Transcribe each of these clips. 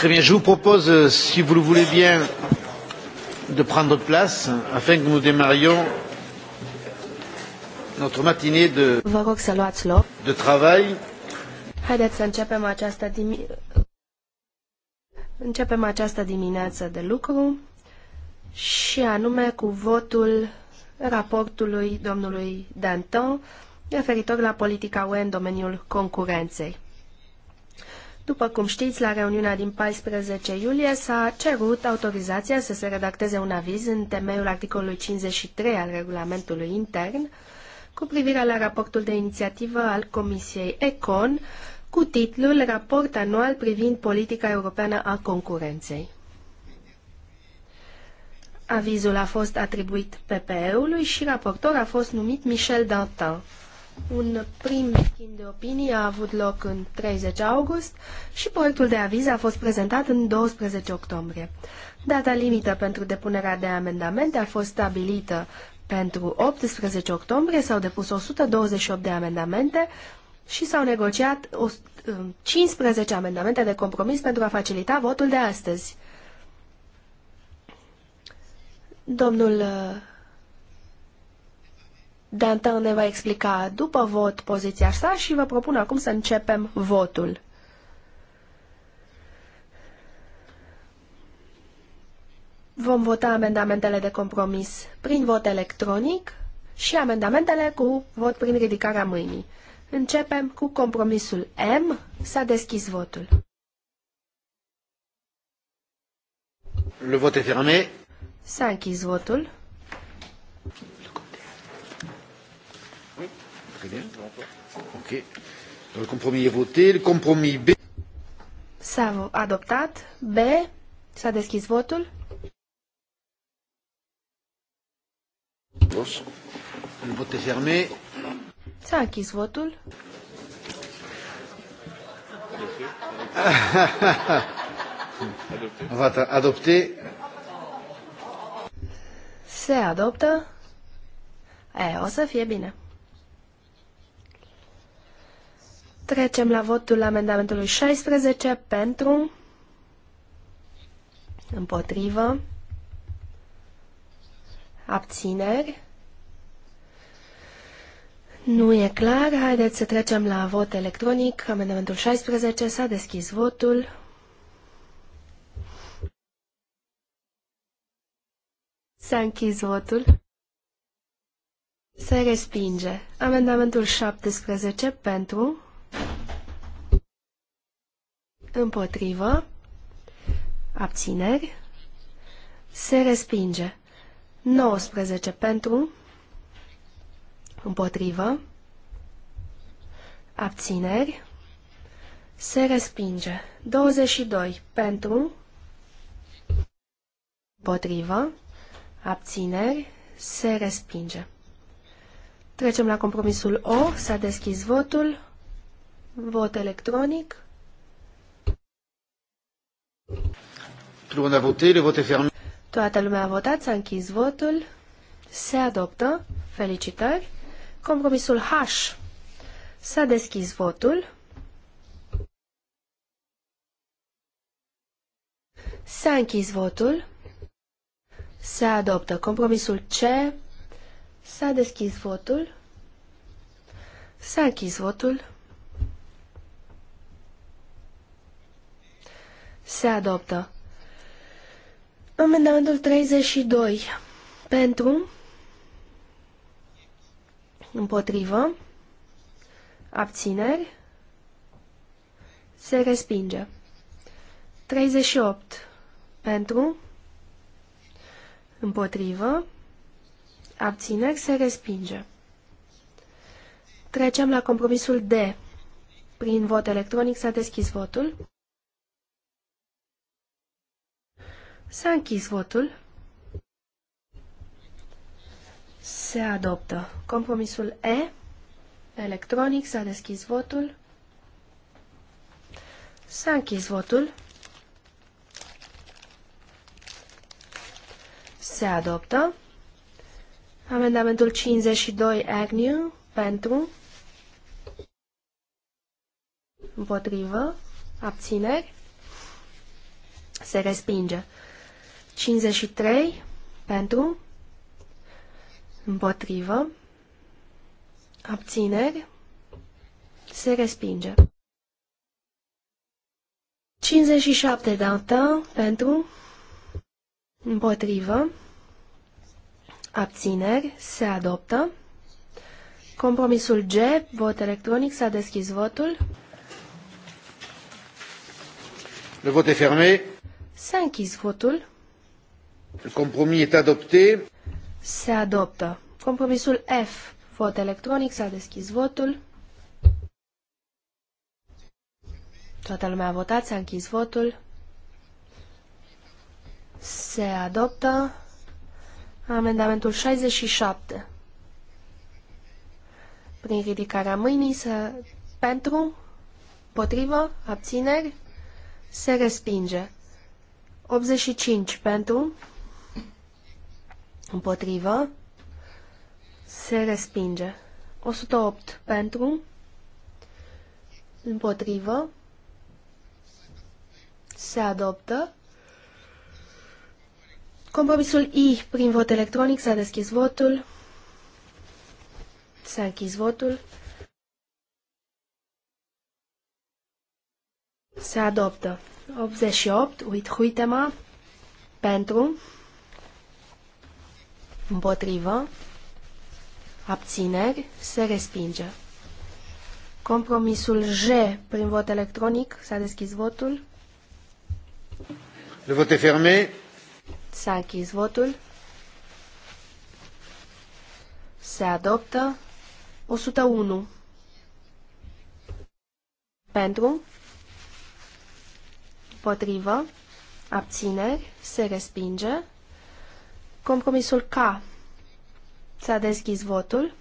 Très bien, je vous propose, euh, si vous le voulez bien, de prendre place afin que nous démarrions notre matinée de, Vă rog să luați loc. de travail. Haideți să începem această, dimi... începem această dimineață de lucru și anume cu votul raportului domnului Danton referitor la politica UE în domeniul concurenței. După cum știți, la reuniunea din 14 iulie s-a cerut autorizația să se redacteze un aviz în temeiul articolului 53 al regulamentului intern cu privire la raportul de inițiativă al Comisiei ECON cu titlul Raport anual privind politica europeană a concurenței. Avizul a fost atribuit PPE-ului și raportor a fost numit Michel Dantin. Un prim schimb de opinie a avut loc în 30 august și proiectul de aviz a fost prezentat în 12 octombrie. Data limită pentru depunerea de amendamente a fost stabilită pentru 18 octombrie, s-au depus 128 de amendamente și s-au negociat 15 uh, amendamente de compromis pentru a facilita votul de astăzi. Domnul uh, Dantin ne va explica după vot poziția sa și vă propun acum să începem votul. Vom vota amendamentele de compromis prin vot electronic și amendamentele cu vot prin ridicarea mâinii. Începem cu compromisul M. S-a deschis votul. Le vot est fermé. S-a închis votul. Très bien. Ok. Le compromis est voté. Le compromis B. S-a adoptat. B. S-a deschis votul. Le vot est fermé. S-a închis votul. Adopté. Adopté. Se adoptă. E, o să fie bine. Trecem la votul amendamentului 16 pentru, împotrivă, abțineri. Nu e clar. Haideți să trecem la vot electronic. Amendamentul 16 s-a deschis votul. S-a închis votul. Se respinge. Amendamentul 17 pentru, Împotrivă. Abțineri. Se respinge. 19 pentru. Împotrivă. Abțineri. Se respinge. 22 pentru. Împotrivă. Abțineri. Se respinge. Trecem la compromisul O. S-a deschis votul. Vot electronic. Tout a voté, le vote est fermé. Toată lumea a votat, s-a închis votul. Se adoptă. Felicitări. Compromisul H. S-a deschis votul. S-a închis votul. Se adoptă. Compromisul C. S-a deschis votul. S-a închis votul. Se adoptă. Amendamentul 32. Pentru. Împotrivă. Abțineri. Se respinge. 38. Pentru. Împotrivă. Abțineri. Se respinge. Trecem la compromisul D. Prin vot electronic s-a deschis votul. S-a închis votul. Se adoptă. Compromisul E. Electronic. S-a deschis votul. S-a închis votul. Se adoptă. Amendamentul 52 Agnew pentru împotrivă abțineri se respinge. 53 pentru, împotrivă, abțineri, se respinge. 57 Dantin pentru, împotrivă, abțineri, se adoptă. Compromisul G, vot electronic, s-a deschis votul. Le vot est fermé. S-a închis votul. Compromis est adopté. Se adoptă. Compromisul F. Vot electronic. S-a deschis votul. Toată lumea a votat. S-a închis votul. Se adoptă. Amendamentul 67. Prin ridicarea mâinii să... Pentru, potrivă, abțineri, se respinge. 85 pentru, Împotrivă. Se respinge. 108 pentru. Împotrivă. Se adoptă. Compromisul I prin vot electronic s-a deschis votul. S-a închis votul. Se adoptă. 88, uit, huitema, pentru, Împotrivă. Abțineri. Se respinge. Compromisul J prin vot electronic. S-a deschis votul. Le vot est fermé. S-a închis votul. Se adoptă 101. Pentru. Împotrivă. Abțineri. Se respinge. Compromisul K. S-a deschis votul.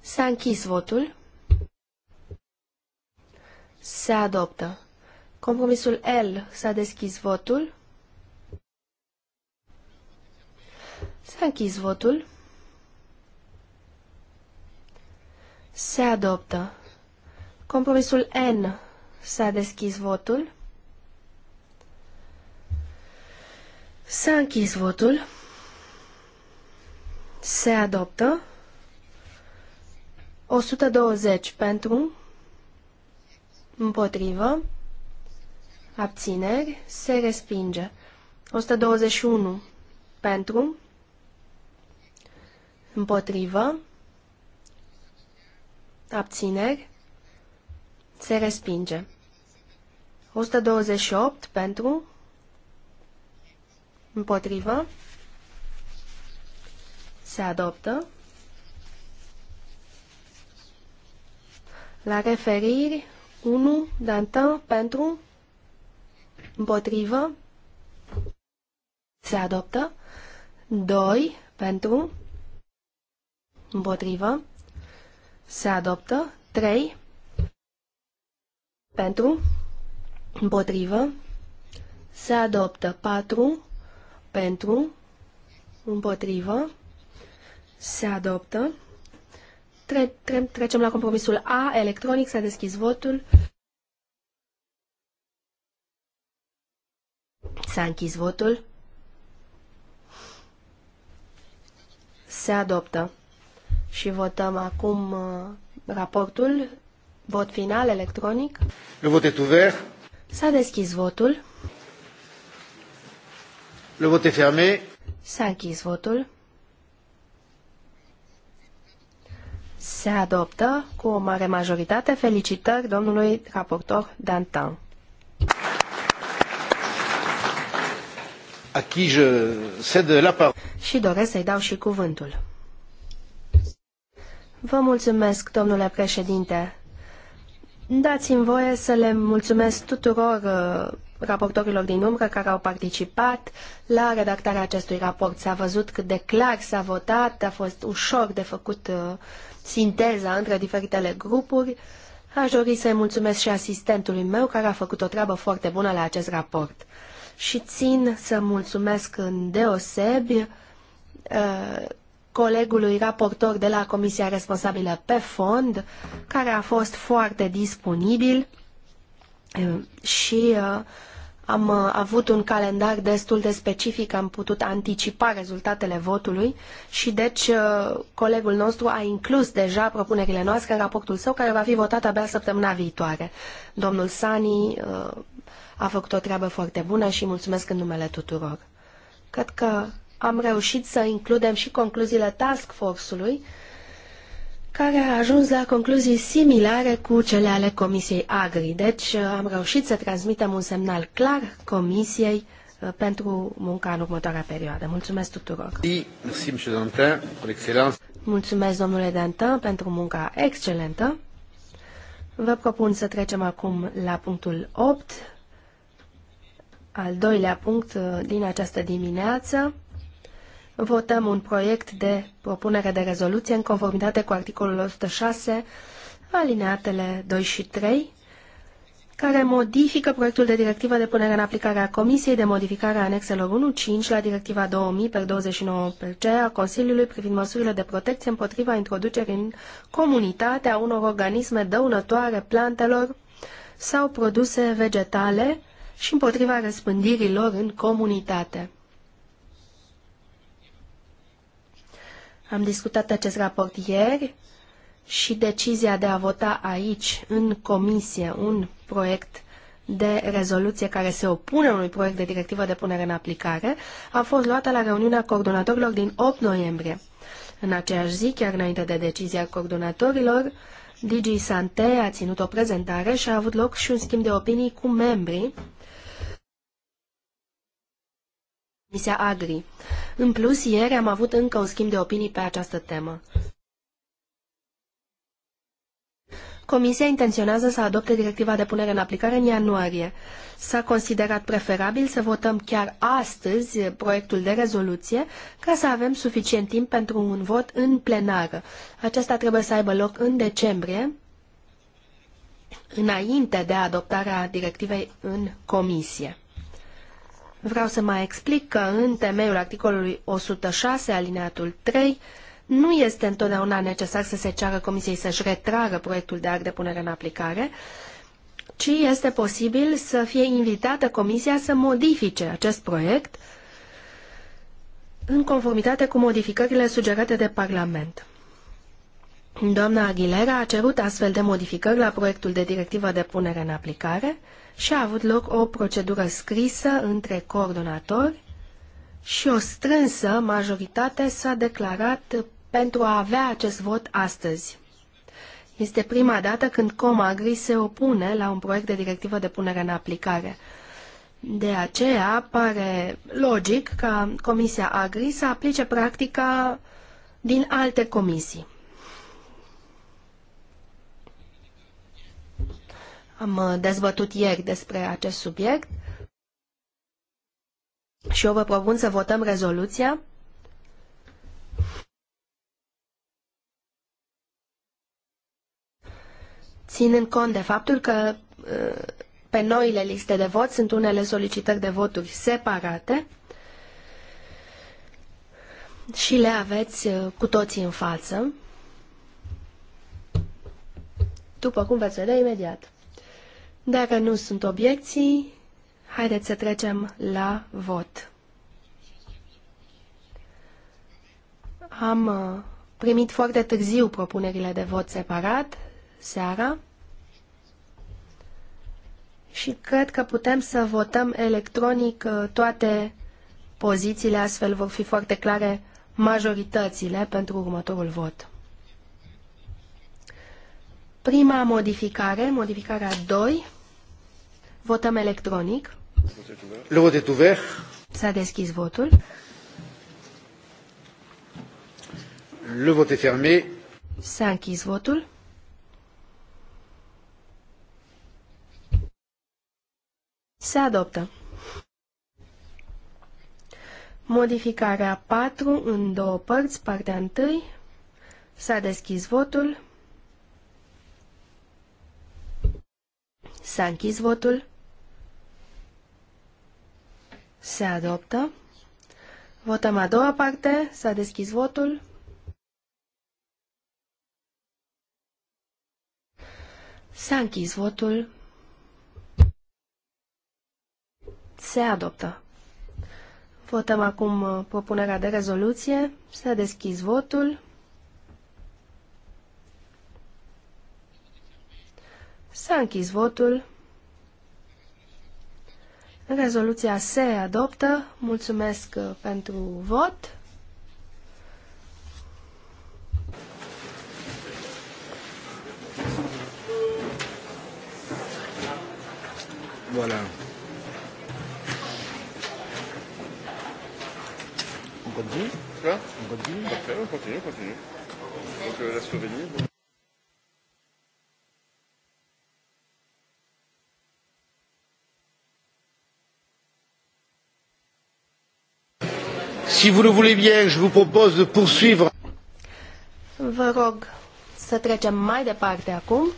S-a închis votul. Se adoptă. Compromisul L. S-a deschis votul. S-a închis votul. Se adoptă. Compromisul N. S-a deschis votul. S-a închis votul. Se adoptă. 120 pentru, împotrivă, abțineri, se respinge. 121 pentru, împotrivă, abțineri, se respinge. 128 pentru, Împotrivă. Se adoptă. La referiri, 1, Dantin, pentru, împotrivă, se adoptă, 2, pentru, împotrivă, se adoptă, 3, pentru, împotrivă, se adoptă, 4, pentru. Împotrivă. Se adoptă. Tre tre trecem la compromisul A. Electronic. S-a deschis votul. S-a închis votul. Se adoptă. Și votăm acum uh, raportul. Vot final electronic. Le S-a deschis votul. Le vot est fermé. S-a închis votul. Se adoptă cu o mare majoritate. Felicitări domnului raportor Dantin. A qui je cède la parole. Și doresc să-i dau și cuvântul. Vă mulțumesc, domnule președinte. Dați-mi voie să le mulțumesc tuturor uh, raportorilor din umbră care au participat la redactarea acestui raport. S-a văzut cât de clar s-a votat, a fost ușor de făcut uh, sinteza între diferitele grupuri. Aș dori să-i mulțumesc și asistentului meu care a făcut o treabă foarte bună la acest raport. Și țin să mulțumesc în deosebi uh, colegului raportor de la Comisia Responsabilă pe Fond, care a fost foarte disponibil Ehm, și uh, am uh, avut un calendar destul de specific, am putut anticipa rezultatele votului și deci uh, colegul nostru a inclus deja propunerile noastre în raportul său care va fi votat abia săptămâna viitoare. Domnul Sani a făcut o treabă foarte bună și mulțumesc în numele tuturor. Cred că am reușit să includem și concluziile task force-ului care a ajuns la concluzii similare cu cele ale Comisiei Agri. Deci uh, am reușit să transmitem un semnal clar Comisiei uh, pentru munca în următoarea perioadă. Mulțumesc tuturor! Mulțumesc, domnule Dantin, pentru munca excelentă. Vă propun să trecem acum la punctul 8, al doilea punct uh, din această dimineață, votăm un proiect de propunere de rezoluție în conformitate cu articolul 106, alineatele 2 și 3, care modifică proiectul de directivă de punere în aplicare a Comisiei de modificare a anexelor 1.5 la directiva 2000 29 C a Consiliului privind măsurile de protecție împotriva introducerii în comunitate a unor organisme dăunătoare plantelor sau produse vegetale și împotriva răspândirii lor în comunitate. Am discutat acest raport ieri și decizia de a vota aici, în comisie, un proiect de rezoluție care se opune unui proiect de directivă de punere în aplicare a fost luată la reuniunea coordonatorilor din 8 noiembrie. În aceeași zi, chiar înainte de decizia coordonatorilor, Digi Sante a ținut o prezentare și a avut loc și un schimb de opinii cu membrii Comisia Agri. În plus, ieri am avut încă un schimb de opinii pe această temă. Comisia intenționează să adopte directiva de punere în aplicare în ianuarie. S-a considerat preferabil să votăm chiar astăzi proiectul de rezoluție ca să avem suficient timp pentru un vot în plenară. Acesta trebuie să aibă loc în decembrie, înainte de adoptarea directivei în comisie. Vreau să mai explic că în temeiul articolului 106, alineatul 3, nu este întotdeauna necesar să se ceară Comisiei să-și retragă proiectul de act de punere în aplicare, ci este posibil să fie invitată Comisia să modifice acest proiect în conformitate cu modificările sugerate de Parlament. Doamna Aguilera a cerut astfel de modificări la proiectul de directivă de punere în aplicare și a avut loc o procedură scrisă între coordonatori și o strânsă majoritate s-a declarat pentru a avea acest vot astăzi. Este prima dată când Comagri se opune la un proiect de directivă de punere în aplicare. De aceea pare logic ca Comisia Agri să aplice practica din alte comisii. Am uh, dezbătut ieri despre acest subiect și eu vă propun să votăm rezoluția. Ținând cont de faptul că uh, pe noile liste de vot sunt unele solicitări de voturi separate și le aveți uh, cu toții în față, după cum veți vedea imediat. Dacă nu sunt obiecții, haideți să trecem la vot. Am uh, primit foarte târziu propunerile de vot separat, seara, și cred că putem să votăm electronic uh, toate pozițiile, astfel vor fi foarte clare majoritățile pentru următorul vot. Prima modificare, modificarea 2, Votăm electronic. Le vot est ouvert. S-a deschis votul. Le vot est fermé. S-a închis votul. Se adoptă. Modificarea 4 în două părți, partea 1. S-a deschis votul. S-a închis votul. Se adoptă. Votăm a doua parte. S-a deschis votul. S-a închis votul. Se adoptă. Votăm acum uh, propunerea de rezoluție. S-a deschis votul. S-a închis votul. Rezoluția se adoptă. Mulțumesc uh, pentru vot. Voilà. On continue On continue on continue, on continue. Donc euh, la Slovénie. Bon. Si vous le voulez bien, je vous propose de poursuivre. Vă rog să trecem mai departe acum.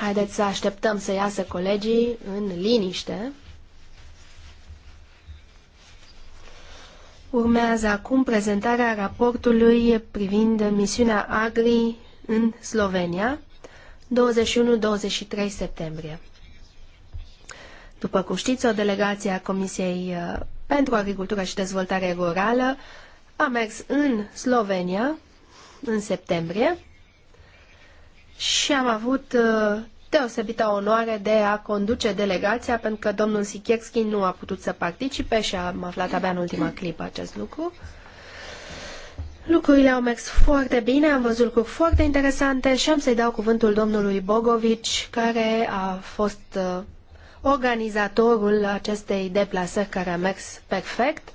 Haideți să așteptăm să iasă colegii în liniște. Urmează acum prezentarea raportului privind misiunea AGRI în Slovenia, 21-23 septembrie. După cum știți, o delegație a Comisiei uh, pentru Agricultură și Dezvoltare Rurală a mers în Slovenia în septembrie și am avut uh, deosebită onoare de a conduce delegația pentru că domnul Sikierski nu a putut să participe și am aflat abia în ultima clipă acest lucru. Lucrurile au mers foarte bine, am văzut lucruri foarte interesante și am să-i dau cuvântul domnului Bogovici, care a fost uh, organizatorul acestei deplasări care a mers perfect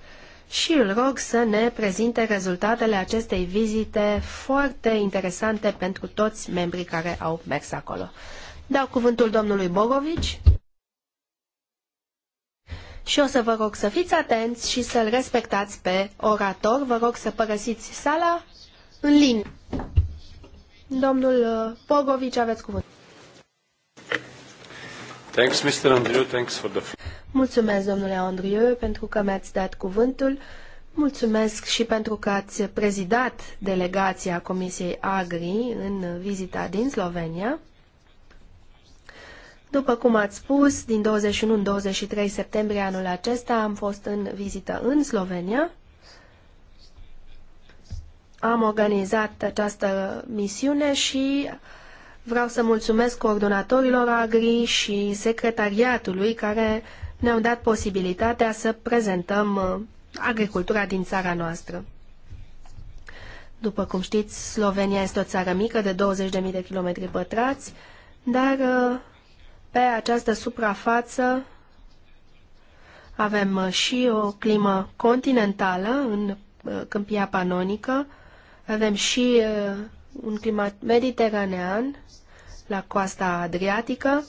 și îl rog să ne prezinte rezultatele acestei vizite foarte interesante pentru toți membrii care au mers acolo. Dau cuvântul domnului Borovici și o să vă rog să fiți atenți și să-l respectați pe orator. Vă rog să părăsiți sala în lin. Domnul Bogovici, aveți cuvântul. Thanks, Mr. Thanks for the... Mulțumesc, domnule Andrieu, pentru că mi-ați dat cuvântul. Mulțumesc și pentru că ați prezidat delegația Comisiei Agri în vizita din Slovenia. După cum ați spus, din 21 în 23 septembrie anul acesta am fost în vizită în Slovenia. Am organizat această misiune și Vreau să mulțumesc coordonatorilor Agri și secretariatului care ne-au dat posibilitatea să prezentăm uh, agricultura din țara noastră. După cum știți, Slovenia este o țară mică de 20.000 de kilometri pătrați, dar uh, pe această suprafață avem uh, și o climă continentală în câmpia panonică, avem și un climat mediteranean la coasta adriatică,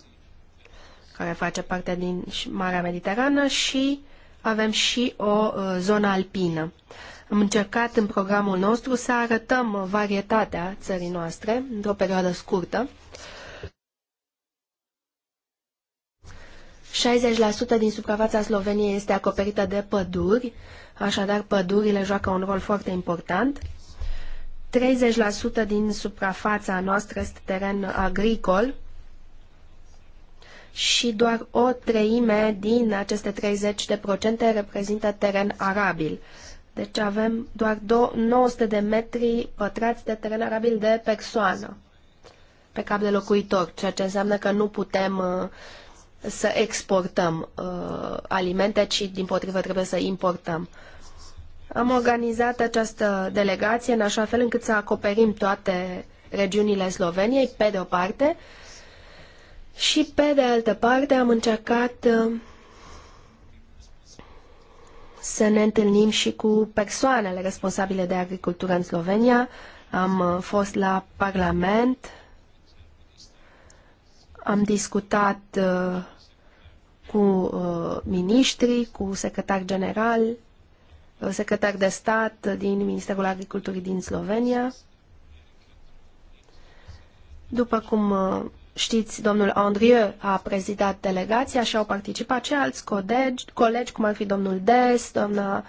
care face parte din Marea Mediterană și avem și o uh, zonă alpină. Am încercat în programul nostru să arătăm varietatea țării noastre într-o perioadă scurtă. 60% din suprafața Sloveniei este acoperită de păduri, așadar pădurile joacă un rol foarte important. 30% din suprafața noastră este teren agricol și doar o treime din aceste 30% reprezintă teren arabil. Deci avem doar 900 de metri pătrați de teren arabil de persoană pe cap de locuitor, ceea ce înseamnă că nu putem uh, să exportăm uh, alimente, ci din potrivă trebuie să importăm. Uh, am organizat această delegație în așa fel încât să acoperim toate regiunile Sloveniei, pe de o parte, și pe de altă parte am încercat uh, să ne întâlnim și cu persoanele responsabile de agricultură în Slovenia. Am uh, fost la Parlament, am discutat uh, cu miniștri, cu secretar general, secretar de stat din Ministerul Agriculturii din Slovenia. După cum uh, știți, domnul Andrieu a prezidat delegația și au participat și alți colegi, colegi cum ar fi domnul Des, doamna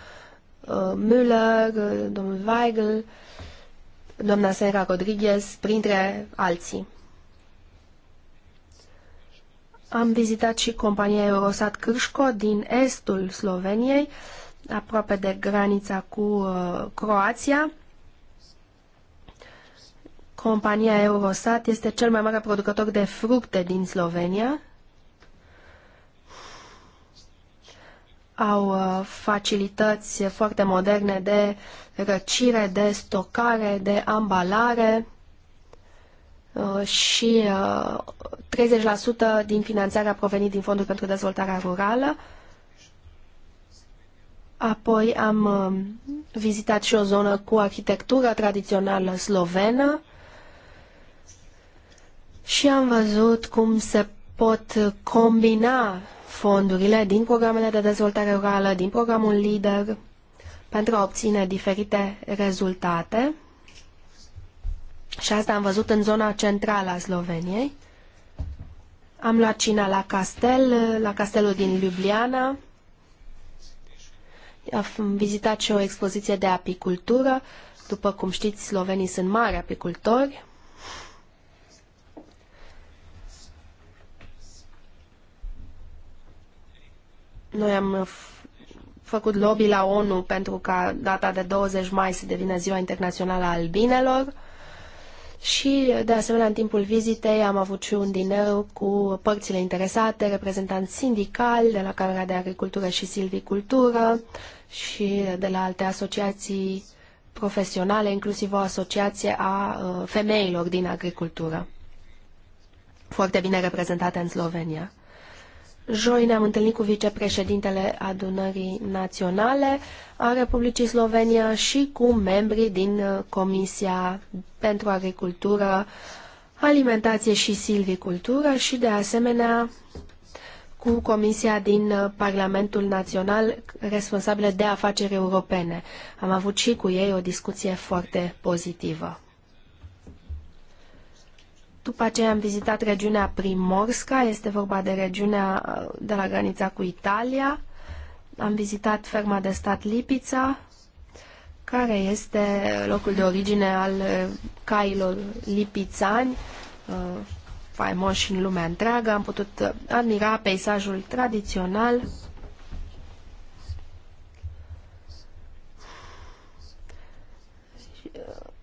uh, Müller, domnul Weigel, doamna Sera Rodriguez, printre alții. Am vizitat și compania Eurosat Cârșco din estul Sloveniei, aproape de granița cu uh, Croația. Compania Eurosat este cel mai mare producător de fructe din Slovenia. Au uh, facilități foarte moderne de răcire, de stocare, de ambalare uh, și 30% uh, din finanțarea a provenit din Fondul pentru Dezvoltarea Rurală. Apoi am uh, vizitat și o zonă cu arhitectura tradițională slovenă și am văzut cum se pot combina fondurile din programele de dezvoltare rurală, din programul LIDER, pentru a obține diferite rezultate. Și asta am văzut în zona centrală a Sloveniei. Am luat cina la castel, la castelul din Ljubljana, am vizitat și o expoziție de apicultură. După cum știți, slovenii sunt mari apicultori. Noi am făcut lobby la ONU pentru ca data de 20 mai să devină Ziua Internațională a Albinelor și, de asemenea, în timpul vizitei am avut și un diner cu părțile interesate, reprezentanți sindicali de la Camera de Agricultură și Silvicultură, și de la alte asociații profesionale, inclusiv o asociație a uh, femeilor din agricultură, foarte bine reprezentată în Slovenia. Joi ne-am întâlnit cu vicepreședintele adunării naționale a Republicii Slovenia și cu membrii din uh, Comisia pentru Agricultură, Alimentație și Silvicultură și de asemenea cu Comisia din uh, Parlamentul Național responsabilă de afaceri europene. Am avut și cu ei o discuție foarte pozitivă. După aceea am vizitat regiunea Primorska, este vorba de regiunea uh, de la granița cu Italia. Am vizitat ferma de stat Lipița, care este locul de origine al uh, cailor lipițani, faimoși în lumea întreagă, am putut uh, admira peisajul tradițional.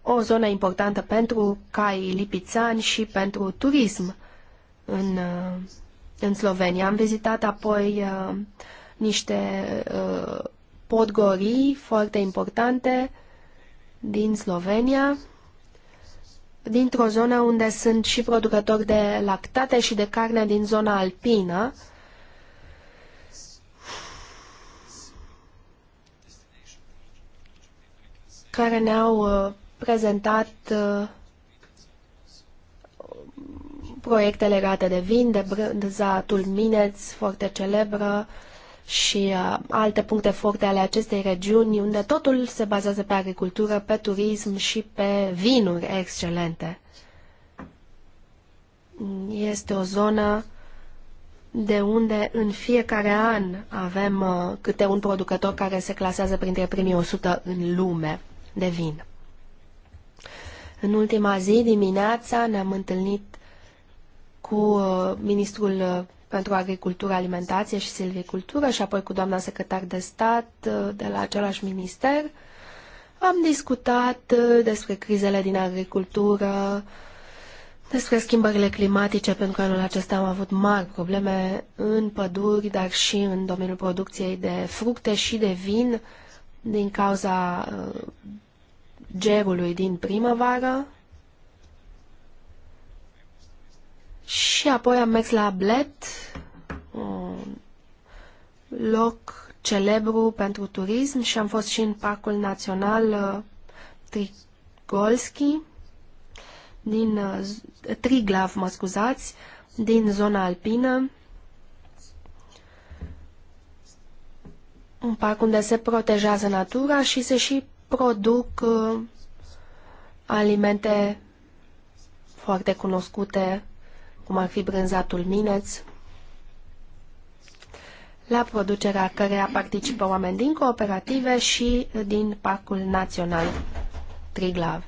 O zonă importantă pentru cai lipițani și pentru turism în, uh, în Slovenia. Am vizitat apoi uh, niște podgorii foarte importante din Slovenia dintr-o zonă unde sunt și producători de lactate și de carne din zona alpină. care ne-au uh, prezentat uh, proiecte legate de vin, de brânza tulmineț, foarte celebră, și uh, alte puncte forte ale acestei regiuni, unde totul se bazează pe agricultură, pe turism și pe vinuri excelente. Este o zonă de unde în fiecare an avem uh, câte un producător care se clasează printre primii 100 în lume de vin. În ultima zi, dimineața, ne-am întâlnit cu uh, ministrul uh, pentru agricultură, alimentație și silvicultură și apoi cu doamna secretar de stat uh, de la același minister. Am discutat uh, despre crizele din agricultură, despre schimbările climatice, pentru că anul acesta am avut mari probleme în păduri, dar și în domeniul producției de fructe și de vin din cauza uh, gerului din primăvară, Și apoi am mers la Bled, un loc celebru pentru turism și am fost și în Parcul Național uh, Trigolski, din uh, Triglav, mă scuzați, din zona alpină, un parc unde se protejează natura și se și produc uh, alimente foarte cunoscute cum ar fi brânzatul mineț, la producerea căreia participă oameni din cooperative și din Parcul Național Triglav.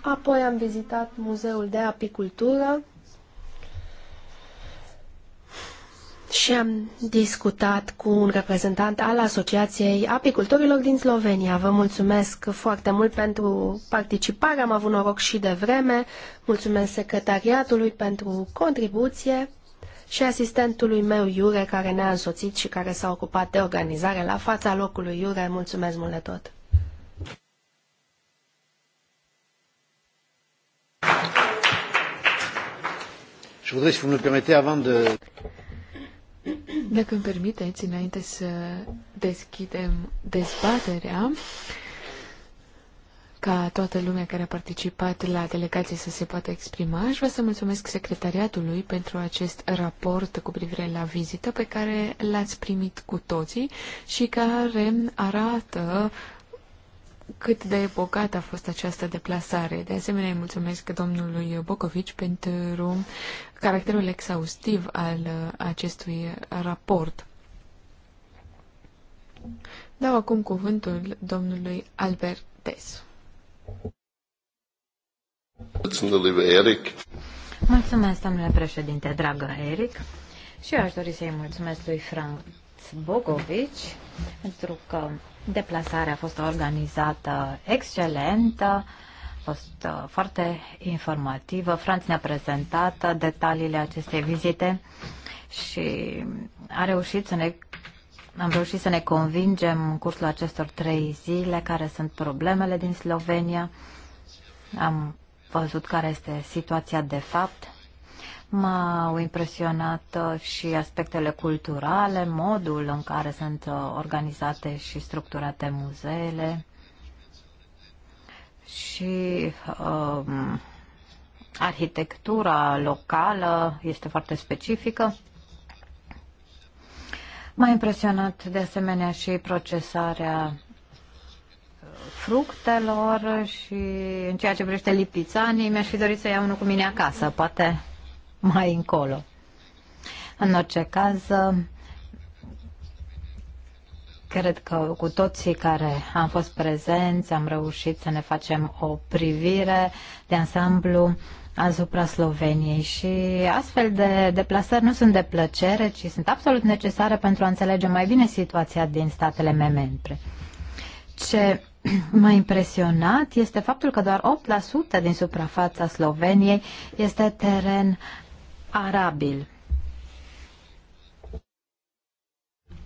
Apoi am vizitat Muzeul de Apicultură, și am discutat cu un reprezentant al Asociației Apicultorilor din Slovenia. Vă mulțumesc foarte mult pentru participare, am avut noroc și de vreme, mulțumesc secretariatului pentru contribuție și asistentului meu Iure care ne-a însoțit și care s-a ocupat de organizare la fața locului Iure. Mulțumesc mult de tot! Je voudrais, si vous me permettez, avant de... Dacă îmi permiteți, înainte să deschidem dezbaterea, ca toată lumea care a participat la delegație să se poată exprima, aș vrea să mulțumesc secretariatului pentru acest raport cu privire la vizită pe care l-ați primit cu toții și care arată cât de bogată a fost această deplasare. De asemenea, îi mulțumesc domnului Bocovici pentru caracterul exhaustiv al uh, acestui raport. Dau acum cuvântul domnului Albert Des. Mulțumesc, domnule președinte, dragă Eric. Și eu aș dori să-i mulțumesc lui Franz Bogovici pentru că deplasarea a fost organizată excelentă. Uh, fost uh, foarte informativă. Franț ne-a prezentat uh, detaliile acestei vizite și a reușit să ne am reușit să ne convingem în cursul acestor trei zile care sunt problemele din Slovenia. Am văzut care este situația de fapt. M-au impresionat uh, și aspectele culturale, modul în care sunt organizate și structurate muzeele și um, arhitectura locală este foarte specifică. M-a impresionat de asemenea și procesarea fructelor și în ceea ce privește lipițanii, mi-aș fi dorit să iau unul cu mine acasă, poate mai încolo. În orice caz, Cred că cu toții care am fost prezenți am reușit să ne facem o privire de ansamblu asupra Sloveniei și astfel de deplasări nu sunt de plăcere, ci sunt absolut necesare pentru a înțelege mai bine situația din statele membre. Ce m-a impresionat este faptul că doar 8% din suprafața Sloveniei este teren arabil.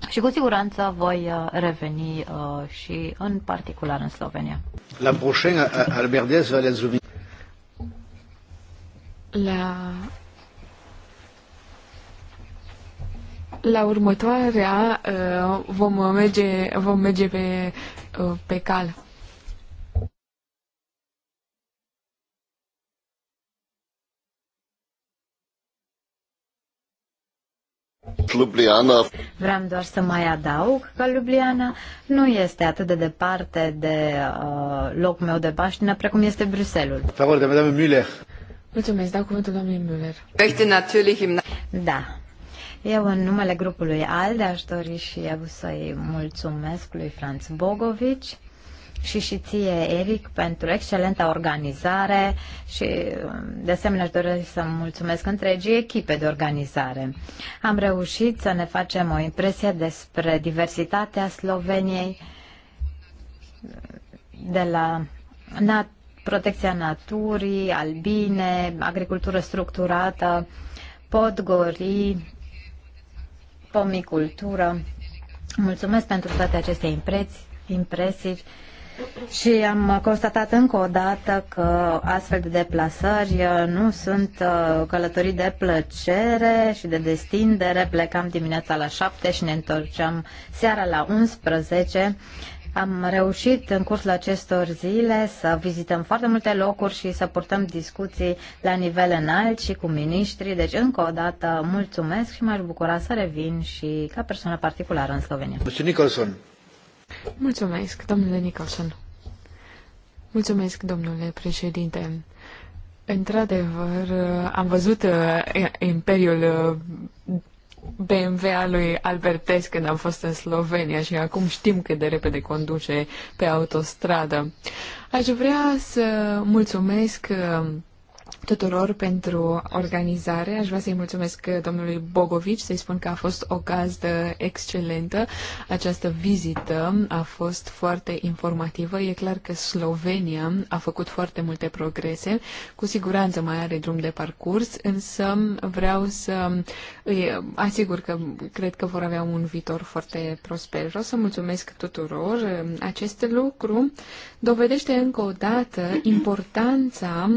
Și cu siguranță voi uh, reveni uh, și în particular în Slovenia. La prochaine, Dez uh, va la La la următoarea vom merge, vom merge pe, pe cal. Ljubljana. Vreau doar să mai adaug că Ljubljana nu este atât de departe de uh, locul meu de baștină precum este Bruselul. Favor de Madame Müller. Mulțumesc, dau cuvântul doamnei Müller. Da. Eu, în numele grupului ALDE, aș dori și eu să-i mulțumesc lui Franz Bogovici și și ție, Eric, pentru excelenta organizare și, um, de asemenea, își doresc să mulțumesc întregii echipe de organizare. Am reușit să ne facem o impresie despre diversitatea Sloveniei de la nat- protecția naturii, albine, agricultură structurată, podgorii, pomicultură. Mulțumesc pentru toate aceste impresii, impresii și am constatat încă o dată că astfel de deplasări uh, nu sunt uh, călătorii de plăcere și de destindere. Plecam dimineața la 7 și ne întorceam seara la 11. Am reușit în cursul acestor zile să vizităm foarte multe locuri și să purtăm discuții la nivel înalt și cu miniștri. Deci, încă o dată, mulțumesc și m-aș bucura să revin și ca persoană particulară în Slovenia. Nicholson. Mulțumesc, domnule Nicholson. Mulțumesc, domnule președinte. Într-adevăr, am văzut uh, imperiul uh, BMW al lui Albertes când am fost în Slovenia și acum știm cât de repede conduce pe autostradă. Aș vrea să mulțumesc uh, tuturor pentru organizare. Aș vrea să-i mulțumesc domnului Bogovici, să-i spun că a fost o gazdă excelentă. Această vizită a fost foarte informativă. E clar că Slovenia a făcut foarte multe progrese. Cu siguranță mai are drum de parcurs, însă vreau să îi asigur că cred că vor avea un viitor foarte prosper. Vreau să mulțumesc tuturor. Acest lucru dovedește încă o dată importanța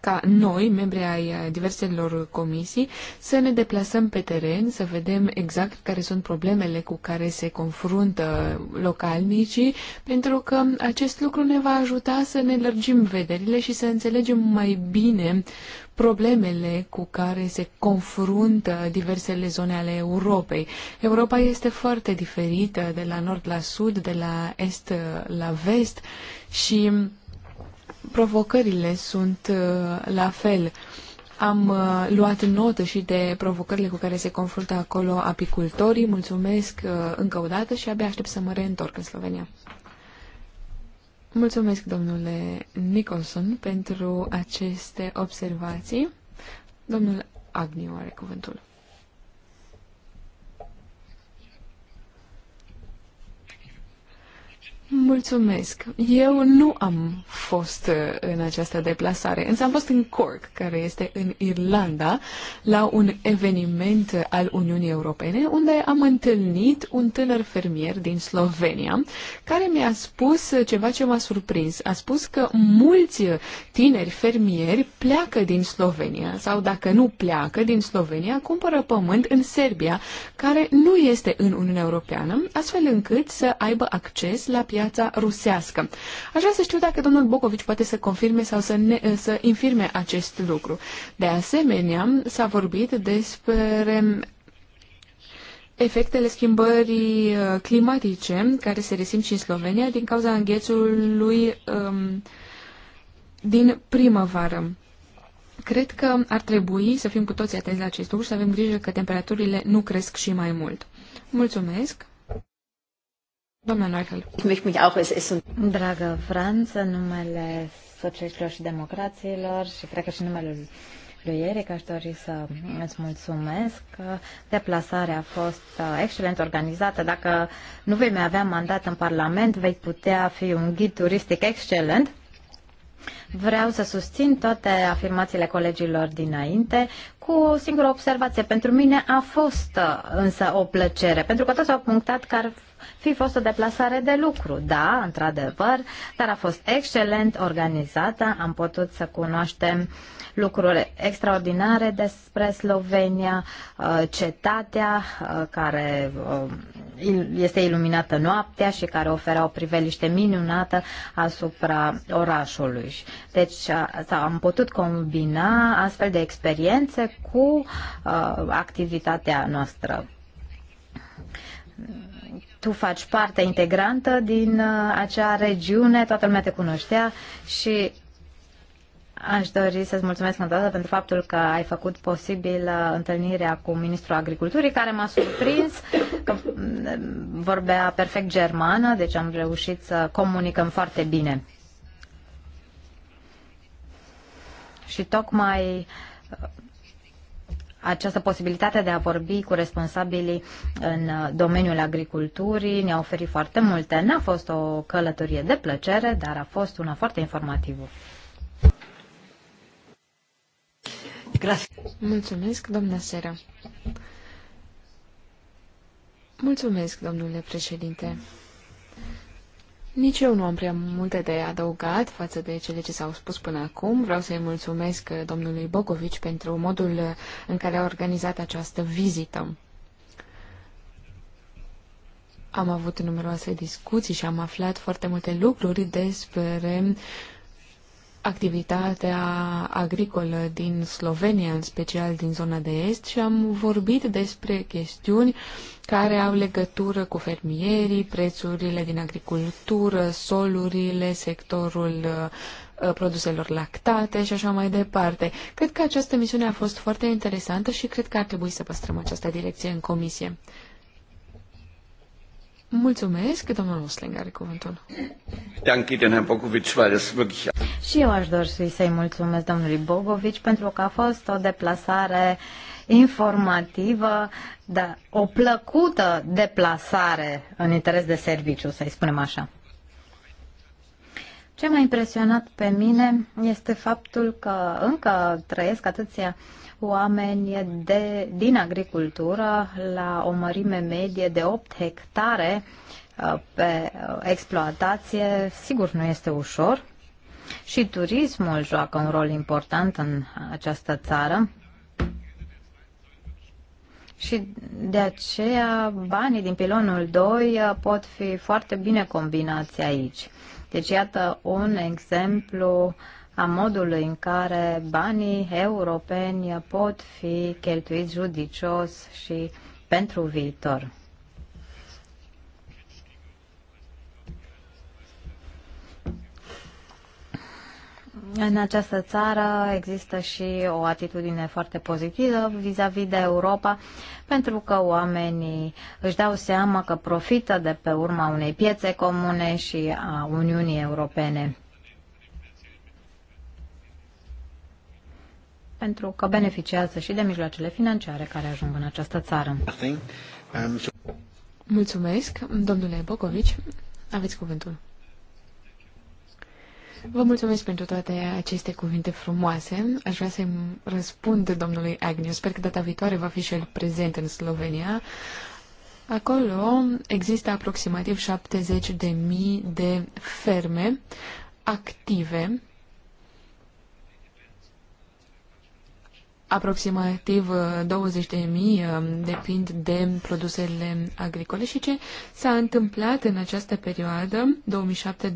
ca noi, membri ai eh, diverselor comisii, să ne deplasăm pe teren, să vedem exact care sunt problemele cu care se confruntă localnicii, pentru că acest lucru ne va ajuta să ne lărgim vederile și să înțelegem mai bine problemele cu care se confruntă diversele zone ale Europei. Europa este foarte diferită de la nord la sud, de la est la vest și provocările sunt uh, la fel. Am uh, luat notă și de provocările cu care se confruntă acolo apicultorii. Mulțumesc uh, încă o dată și abia aștept să mă reîntorc în Slovenia. Mulțumesc, domnule Nicholson, pentru aceste observații. Domnul Agniu are cuvântul. Mulțumesc. Eu nu am fost uh, în această deplasare, însă am fost în Cork, care este în Irlanda, la un eveniment al Uniunii Europene, unde am întâlnit un tânăr fermier din Slovenia, care mi-a spus uh, ceva ce m-a surprins. A spus că mulți tineri fermieri pleacă din Slovenia, sau dacă nu pleacă din Slovenia, cumpără pământ în Serbia, care nu este în Uniunea Europeană, astfel încât să aibă acces la piața piața rusească. Aș vrea să știu dacă domnul Bocovici poate să confirme sau să, ne, să infirme acest lucru. De asemenea, s-a vorbit despre efectele schimbării uh, climatice care se resimt și în Slovenia din cauza înghețului um, din primăvară. Cred că ar trebui să fim cu toții atenți la acest lucru și să avem grijă că temperaturile nu cresc și mai mult. Mulțumesc! Doamna Neuchel. Dragă Franță, numele socialiștilor și democrațiilor și cred că și numele lui Eric, aș dori să îți mulțumesc. Deplasarea a fost uh, excelent organizată. Dacă nu vei mai avea mandat în Parlament, vei putea fi un ghid turistic excelent. Vreau să susțin toate afirmațiile colegilor dinainte cu o singură observație. Pentru mine a fost uh, însă o plăcere, pentru că toți au punctat că ar fi fost o deplasare de lucru, da, într-adevăr, dar a fost excelent organizată. Am putut să cunoaștem lucruri extraordinare despre Slovenia, uh, cetatea uh, care uh, este iluminată noaptea și care oferă o priveliște minunată asupra orașului. Deci am putut combina astfel de experiențe cu activitatea noastră tu faci parte integrantă din uh, acea regiune, toată lumea te cunoștea și Aș dori să-ți mulțumesc încă o dată pentru faptul că ai făcut posibil uh, întâlnirea cu Ministrul Agriculturii, care m-a surprins că mm, vorbea perfect germană, deci am reușit să comunicăm foarte bine. Și tocmai uh, această posibilitate de a vorbi cu responsabilii în uh, domeniul agriculturii ne-a oferit foarte multe. N-a fost o călătorie de plăcere, dar a fost una foarte informativă. Mulțumesc, doamna Sera. Mulțumesc, domnule președinte. Nici eu nu am prea multe de adăugat față de cele ce s-au spus până acum. Vreau să-i mulțumesc domnului Bogovici pentru modul în care a organizat această vizită. Am avut numeroase discuții și am aflat foarte multe lucruri despre uh, activitatea agricolă din Slovenia, în special din zona de est, și am vorbit despre chestiuni care au legătură cu fermierii, prețurile din agricultură, solurile, sectorul uh, uh, produselor lactate și așa mai departe. Cred că această misiune a fost foarte interesantă și cred că ar trebui să păstrăm această direcție în comisie. Mulțumesc, domnul Osling are cuvântul. Și eu aș dori să-i mulțumesc domnului Bogovici pentru că a fost o deplasare informativă, dar o plăcută deplasare în interes de serviciu, să-i spunem așa. Ce m-a impresionat pe mine este faptul că încă trăiesc atâția oameni de, din agricultură la o mărime medie de 8 hectare uh, pe uh, exploatație, sigur nu este ușor. Și turismul joacă un rol important în această țară. Și de aceea banii din pilonul 2 uh, pot fi foarte bine combinați aici. Deci iată un exemplu uh, a modului în care banii europeni pot fi cheltuiți judicios și pentru viitor. În această țară există și o atitudine foarte pozitivă vis-a-vis -vis de Europa, pentru că oamenii își dau seama că profită de pe urma unei piețe comune și a Uniunii Europene. pentru că beneficiază și de mijloacele financiare care ajung în această țară. Mulțumesc, domnule Bocovici. Aveți cuvântul. Vă mulțumesc pentru toate aceste cuvinte frumoase. Aș vrea să-i răspund domnului Agnew. Sper că data viitoare va fi și el prezent în Slovenia. Acolo există aproximativ 70.000 de ferme active aproximativ 20.000 uh, uh, depind de produsele agricole și ce s-a întâmplat în această perioadă, 2007-2013,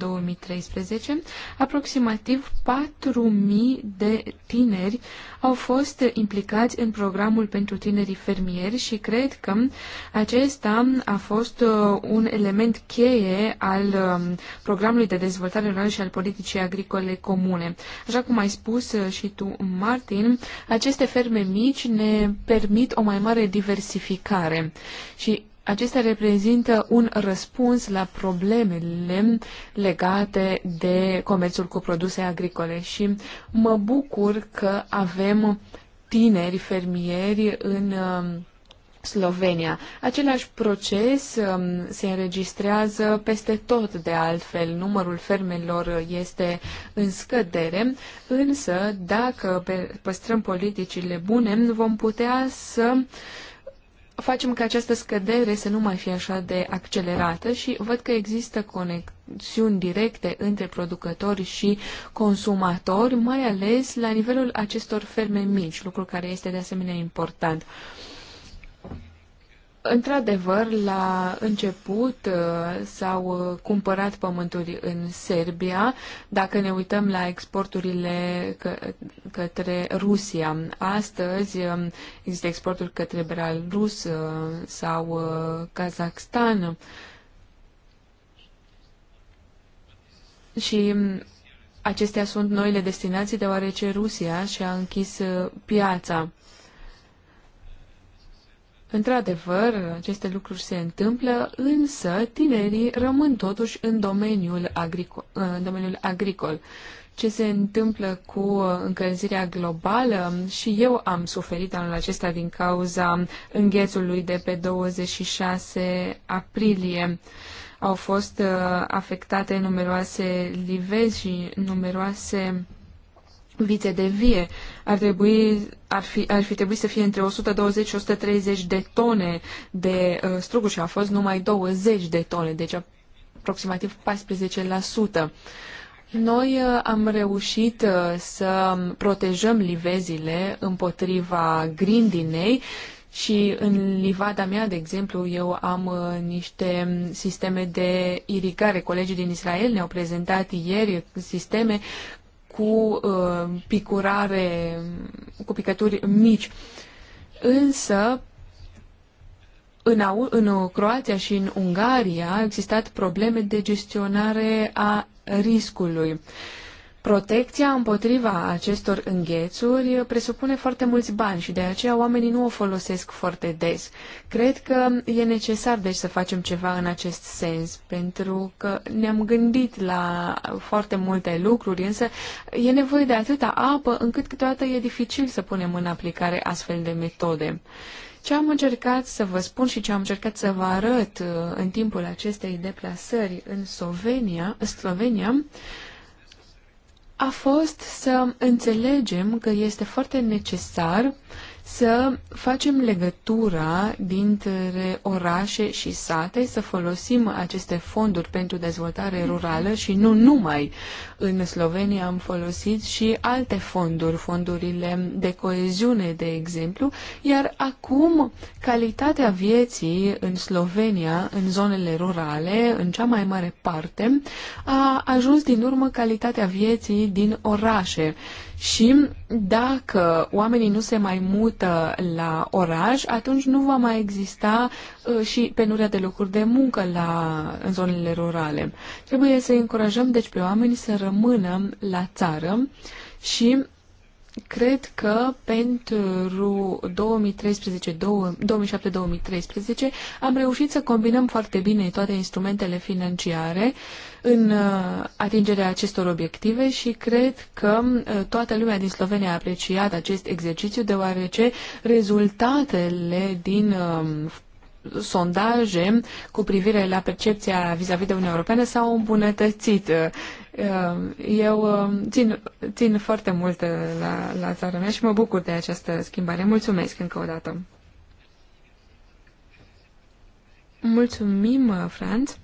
aproximativ 4.000 de tineri au fost implicați în programul pentru tinerii fermieri și cred că acesta a fost uh, un element cheie al um, programului de dezvoltare rurală și al politicii agricole comune. Așa cum ai spus și tu, Martin, aceste aceste ferme mici ne permit o mai mare diversificare și Acestea reprezintă un răspuns la problemele legate de comerțul cu produse agricole și mă bucur că avem tineri fermieri în Slovenia. Același proces um, se înregistrează peste tot de altfel. Numărul fermelor este în scădere, însă dacă păstrăm politicile bune, vom putea să facem ca această scădere să nu mai fie așa de accelerată și văd că există conexiuni directe între producători și consumatori, mai ales la nivelul acestor ferme mici, lucru care este de asemenea important. Uh, Într-adevăr, la început uh, s-au uh, cumpărat pământuri în Serbia. Dacă ne uităm la exporturile că, către Rusia, astăzi um, există exporturi către Belarus uh, sau Kazakhstan. Și um, acestea sunt noile destinații deoarece Rusia și-a închis piața. Într-adevăr, aceste lucruri se întâmplă, însă tinerii rămân totuși în domeniul agricol. În domeniul agricol. Ce se întâmplă cu încălzirea globală? Și eu am suferit anul acesta din cauza înghețului de pe 26 aprilie. Au fost uh, afectate numeroase livezi și numeroase vițe de vie ar, trebui, ar, fi, ar fi trebuit să fie între 120 și 130 de tone de uh, struguri și a fost numai 20 de tone, deci aproximativ 14%. Noi uh, am reușit uh, să protejăm livezile împotriva grindinei și în livada mea, de exemplu, eu am uh, niște sisteme de irigare. Colegii din Israel ne-au prezentat ieri sisteme cu uh, picurare, cu picături mici. Însă, în, Au- în Croația și în Ungaria au existat probleme de gestionare a riscului. Uh, Protecția împotriva acestor înghețuri presupune foarte mulți bani și de aceea oamenii nu o folosesc foarte des. Cred că e necesar deci să facem ceva în acest sens, pentru că ne-am gândit la foarte multe lucruri, însă e nevoie de atâta apă încât câteodată e dificil să punem în aplicare astfel de metode. Ce am încercat să vă spun și ce am încercat să vă arăt uh, în timpul acestei deplasări în Slovenia, Slovenia a fost să înțelegem că este foarte necesar să facem legătura dintre orașe și sate, să folosim aceste fonduri pentru dezvoltare rurală și nu numai. În Slovenia am folosit și alte fonduri, fondurile de coeziune, de exemplu, iar acum calitatea vieții în Slovenia, în zonele rurale, în cea mai mare parte, a ajuns din urmă calitatea vieții din orașe și dacă oamenii nu se mai mută la oraș, atunci nu va mai exista uh, și penuria de locuri de muncă la, în zonele rurale. Trebuie să încurajăm, deci, pe oameni să rămână la țară și Cred că pentru 2013, 2007-2013 am reușit să combinăm foarte bine toate instrumentele financiare în uh, atingerea acestor obiective și cred că uh, toată lumea din Slovenia a apreciat acest exercițiu deoarece rezultatele din um, sondaje cu privire la percepția vis-a-vis -vis de Uniunea Europeană s-au îmbunătățit Uh, eu um, țin, țin foarte mult la, la țara mea și mă bucur de această schimbare. Mulțumesc încă o dată. Mulțumim, uh, Franz.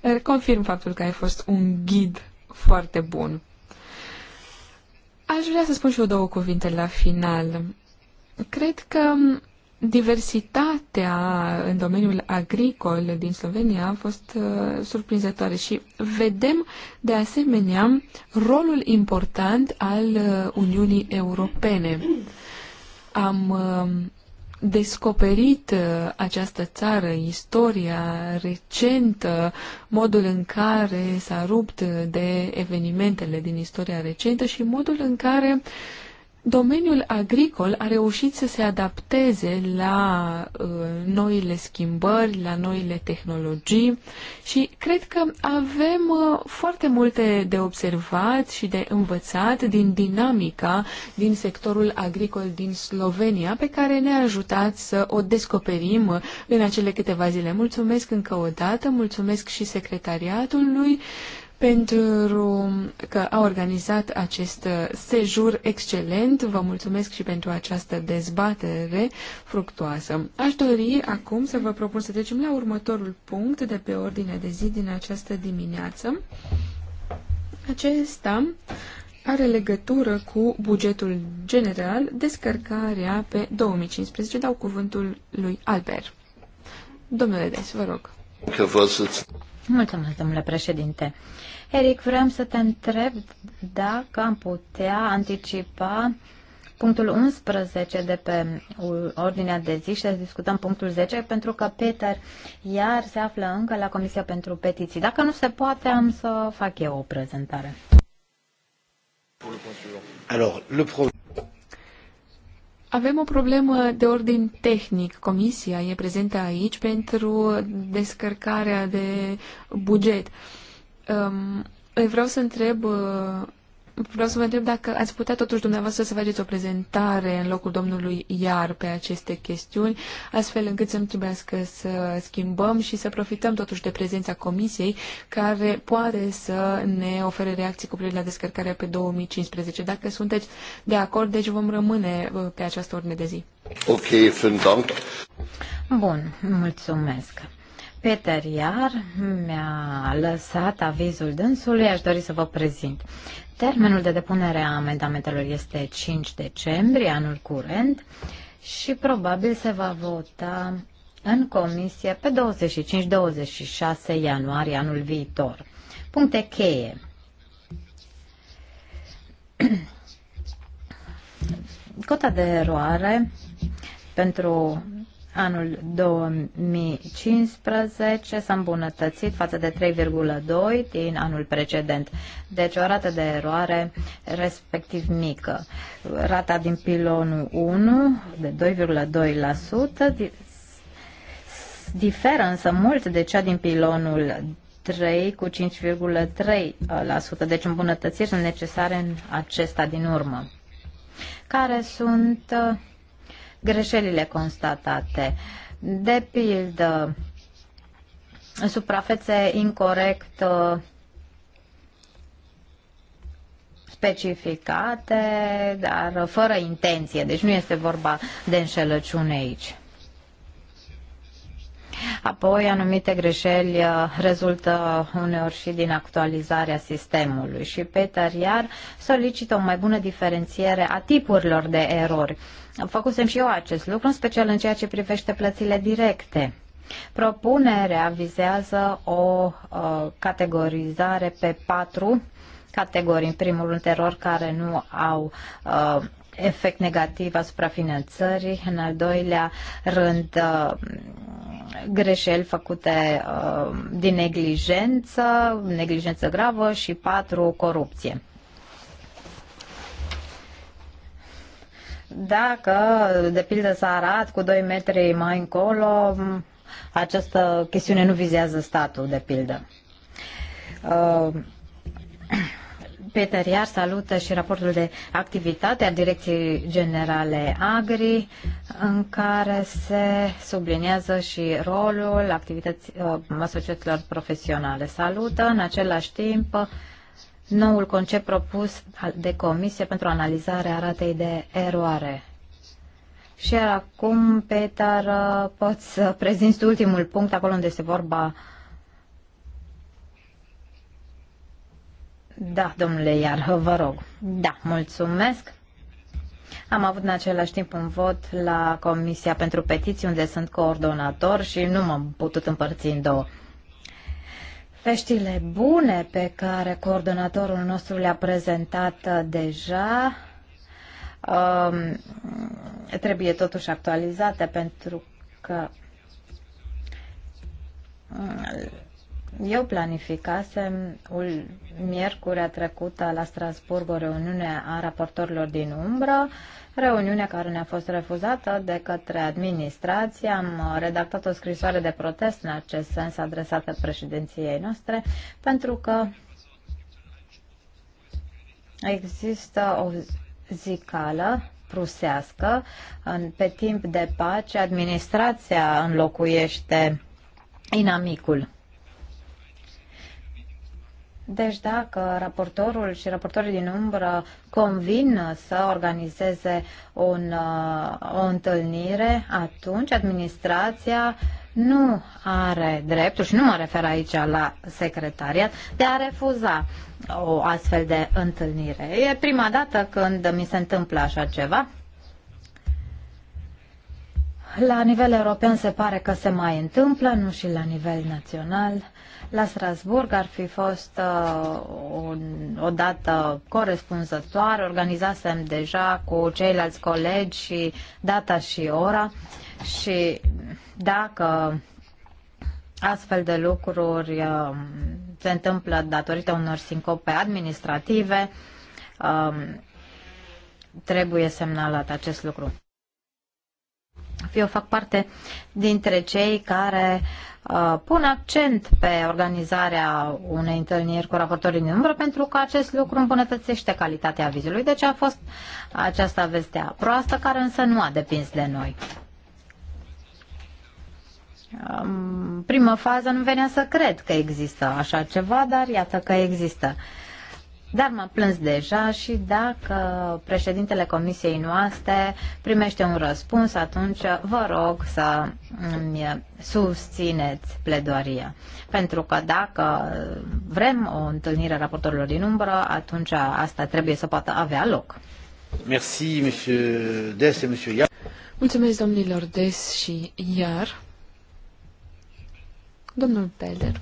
Er, confirm faptul că ai fost un ghid foarte bun. Aș vrea să spun și eu două cuvinte la final. Cred că um, diversitatea în domeniul agricol din Slovenia a fost uh, surprinzătoare și vedem de asemenea rolul important al uh, Uniunii Europene. Am uh, descoperit această țară, istoria recentă, modul în care s-a rupt de evenimentele din istoria recentă și modul în care uh, Domeniul agricol a reușit să se adapteze la uh, noile schimbări, la noile tehnologii și cred că avem uh, foarte multe de observat și de învățat din dinamica din sectorul agricol din Slovenia, pe care ne-a ajutat să o descoperim uh, în acele câteva zile. Mulțumesc încă o dată, mulțumesc și secretariatului. Uh, pentru că a organizat acest sejur excelent. Vă mulțumesc și pentru această dezbatere fructuoasă. Aș dori acum să vă propun să trecem la următorul punct de pe ordinea de zi din această dimineață. Acesta are legătură cu bugetul general, descărcarea pe 2015. Dau cuvântul lui Albert. Domnule Des, vă rog. Mulțumesc, domnule președinte. Eric, vreau să te întreb dacă am putea anticipa punctul 11 de pe ordinea de zi și să discutăm punctul 10, pentru că Peter iar se află încă la Comisia pentru Petiții. Dacă nu se poate, am să fac eu o prezentare. Alors, le pro... Avem o problemă de ordin tehnic. Comisia e prezentă aici pentru descărcarea de buget. Um, vreau să întreb, uh, vreau să vă întreb dacă ați putea totuși dumneavoastră să faceți o prezentare în locul domnului Iar pe aceste chestiuni, astfel încât să nu trebuiască să schimbăm și să profităm totuși de prezența comisiei, care poate să ne ofere reacții cu privire la descărcarea pe 2015. Dacă sunteți de acord, deci vom rămâne uh, pe această ordine de zi. Ok, sunt Bun, mulțumesc. Peter Iar mi-a lăsat avizul dânsului, aș dori să vă prezint. Termenul de depunere a amendamentelor este 5 decembrie, anul curent, și probabil se va vota în comisie pe 25-26 ianuarie anul viitor. Puncte cheie. Cota de eroare pentru anul 2015 s-a îmbunătățit față de 3,2 din anul precedent, deci o rată de eroare respectiv mică. Rata din pilonul 1 de 2,2% diferă însă mult de cea din pilonul 3 cu 5,3%, deci îmbunătățiri sunt necesare în acesta din urmă. Care sunt uh, greșelile constatate. De pildă, suprafețe incorrect uh, specificate, dar fără intenție. Deci nu este vorba de înșelăciune aici. Apoi, anumite greșeli uh, rezultă uneori și din actualizarea sistemului și Peter iar solicită o mai bună diferențiere a tipurilor de erori făcusem și eu acest lucru, în special în ceea ce privește plățile directe. Propunerea vizează o uh, categorizare pe patru categorii. În primul rând, erori care nu au uh, efect negativ asupra finanțării. În al doilea rând, uh, greșeli făcute uh, din neglijență, neglijență gravă și patru, corupție. Dacă, de pildă, s-a arat cu 2 metri mai încolo, această chestiune nu vizează statul, de pildă. Uh, Peter Iar salută și raportul de activitate a Direcției Generale Agri, în care se subliniază și rolul activității uh, asociațiilor profesionale. Salută în același timp noul concept propus de comisie pentru analizarea ratei de eroare. Și iar acum, Peter, poți să prezinți ultimul punct, acolo unde se vorba. Da, domnule Iar, vă rog. Da, mulțumesc. Am avut în același timp un vot la Comisia pentru Petiții, unde sunt coordonator și nu m-am putut împărți în două. Veștile bune pe care coordonatorul nostru le-a prezentat uh, deja um, trebuie totuși actualizate pentru că um, eu planificasem miercurea trecută la Strasburg o reuniune a raportorilor din umbră, reuniunea care ne-a fost refuzată de către administrație. Am redactat o scrisoare de protest în acest sens adresată președinției noastre, pentru că există o zicală prusească. Pe timp de pace, administrația înlocuiește inamicul. Deci dacă raportorul și raportorii din umbră convin să organizeze un, uh, o întâlnire, atunci administrația nu are dreptul, și nu mă refer aici la secretariat, de a refuza o astfel de întâlnire. E prima dată când mi se întâmplă așa ceva. La nivel european se pare că se mai întâmplă, nu și la nivel național. La Strasburg ar fi fost uh, un, o dată corespunzătoare, organizasem deja cu ceilalți colegi și data și ora și dacă astfel de lucruri uh, se întâmplă datorită unor sincope administrative, uh, trebuie semnalat acest lucru. Eu fac parte dintre cei care uh, pun accent pe organizarea unei întâlniri cu raportorii din umbră pentru că acest lucru îmbunătățește calitatea vizului. Deci a fost această vestea proastă care însă nu a depins de noi. În primă fază nu venea să cred că există așa ceva, dar iată că există. Uh, dar m-am plâns deja și dacă președintele comisiei noastre primește un răspuns, atunci vă rog să îmi susțineți pledoaria. Pentru că dacă vrem o întâlnire a raportorilor din umbră, atunci asta trebuie să poată avea loc. Merci, monsieur Des et monsieur Iar. Mulțumesc domnilor Des și Iar. Domnul Peder.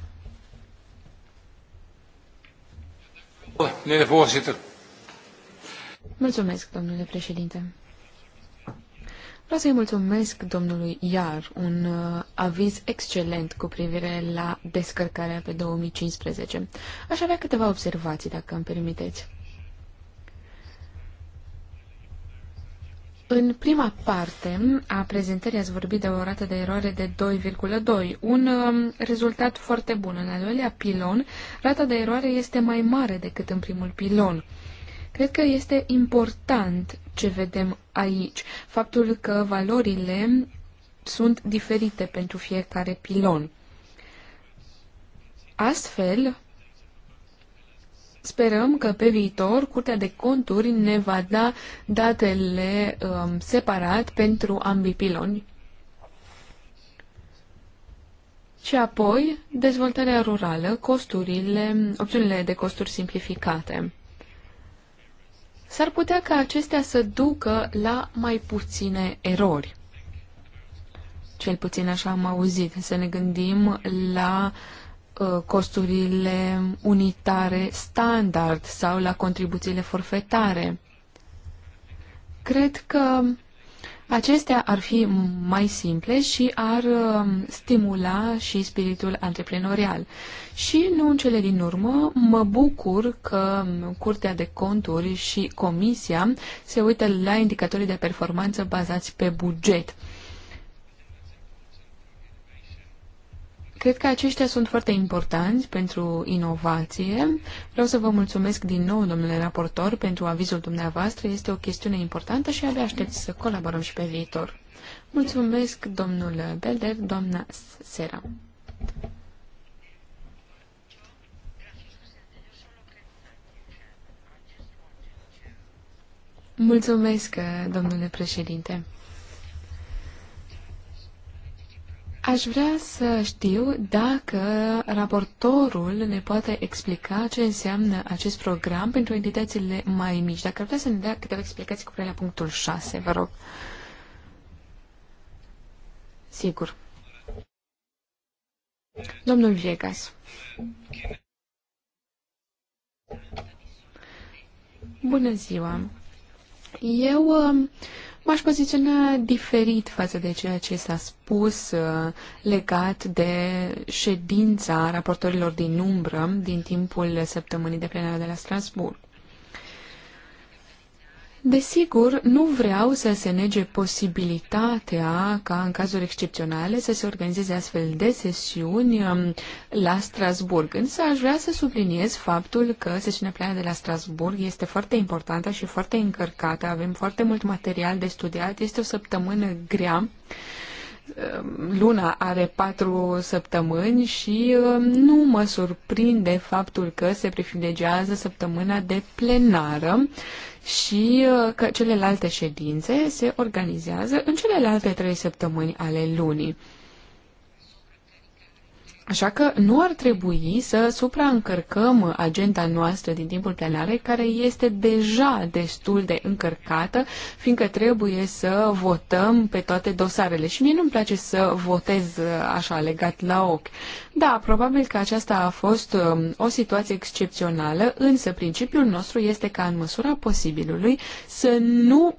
Meneer de voorzitter. Mulțumesc, domnule președinte. Vreau să-i mulțumesc domnului Iar, un uh, aviz excelent cu privire la descărcarea pe 2015. Aș avea câteva observații, dacă îmi permiteți. În prima parte a prezentării ați vorbit de o rată de eroare de 2,2, un um, rezultat foarte bun. În al doilea pilon, rata de eroare este mai mare decât în primul pilon. Cred că este important ce vedem aici, faptul că valorile sunt diferite pentru fiecare pilon. Astfel, Sperăm că pe viitor Curtea de Conturi ne va da datele um, separat pentru ambii piloni. Și apoi, dezvoltarea rurală, costurile, opțiunile de costuri simplificate. S-ar putea ca acestea să ducă la mai puține erori. Cel puțin așa am auzit, să ne gândim la uh, Uh, costurile unitare standard sau la contribuțiile forfetare. Cred că acestea ar fi mai simple și ar uh, stimula și spiritul antreprenorial. Și nu în cele din urmă, mă bucur că Curtea de Conturi și Comisia se uită la indicatorii de performanță bazați pe buget. Cred că aceștia sunt foarte importanți pentru inovație. Vreau să vă mulțumesc din nou, domnule raportor, pentru avizul dumneavoastră. Este o chestiune importantă și abia aștept să colaborăm și pe viitor. Mulțumesc, domnul Belder, doamna Sera. Mulțumesc, domnule președinte. Aș vrea să știu dacă raportorul ne poate explica ce înseamnă acest program pentru entitățile mai mici. Dacă ar putea să ne dea câteva explicații cu la punctul 6, vă rog. Sigur. Domnul Viegas. Bună ziua. Eu um, M-aș poziționa diferit față de ceea ce s-a spus uh, legat de ședința raportorilor din umbră din timpul săptămânii de plenară de la Strasburg. Desigur, nu vreau să se nege posibilitatea ca în cazuri excepționale să se organizeze astfel de sesiuni um, la Strasburg, însă aș vrea să subliniez faptul că sesiunea plenară de la Strasburg este foarte importantă și foarte încărcată, avem foarte mult material de studiat, este o săptămână grea um, luna are patru săptămâni și um, nu mă surprinde faptul că se privilegiază săptămâna de plenară și uh, că celelalte ședințe se organizează în celelalte trei săptămâni ale lunii. Așa că nu ar trebui să supraîncărcăm agenda noastră din timpul plenarei, care este deja destul de încărcată, fiindcă trebuie să votăm pe toate dosarele. Și mie nu-mi place să votez așa legat la ochi. Da, probabil că aceasta a fost um, o situație excepțională, însă principiul nostru este ca în măsura posibilului să nu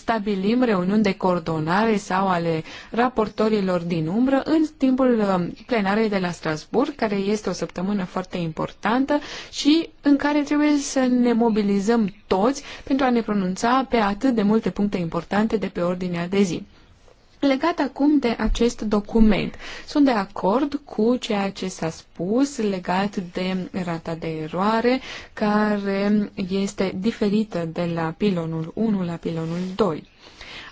stabilim reuniuni de coordonare sau ale raportorilor din umbră în timpul um, plenarei de la Strasburg, care este o săptămână foarte importantă și în care trebuie să ne mobilizăm toți pentru a ne pronunța pe atât de multe puncte importante de pe ordinea de zi. Legat acum de acest document, sunt de acord cu ceea ce s-a spus legat de rata de eroare, care este diferită de la pilonul 1 la pilonul 2.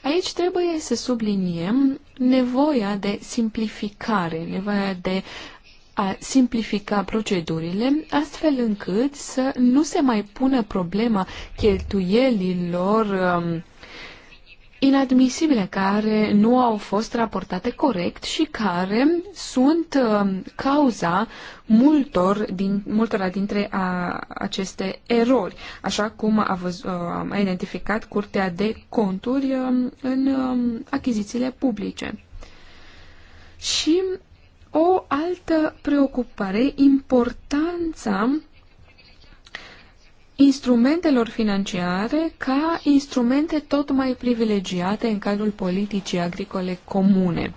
Aici trebuie să subliniem nevoia de simplificare, nevoia de a simplifica procedurile, astfel încât să nu se mai pună problema cheltuielilor um, inadmisibile, care nu au fost raportate corect și care sunt um, cauza multor din, multora dintre a, aceste erori, așa cum a, văz, uh, a identificat Curtea de Conturi um, în um, achizițiile publice. Și o altă preocupare, importanța instrumentelor financiare ca instrumente tot mai privilegiate în cadrul politicii agricole comune.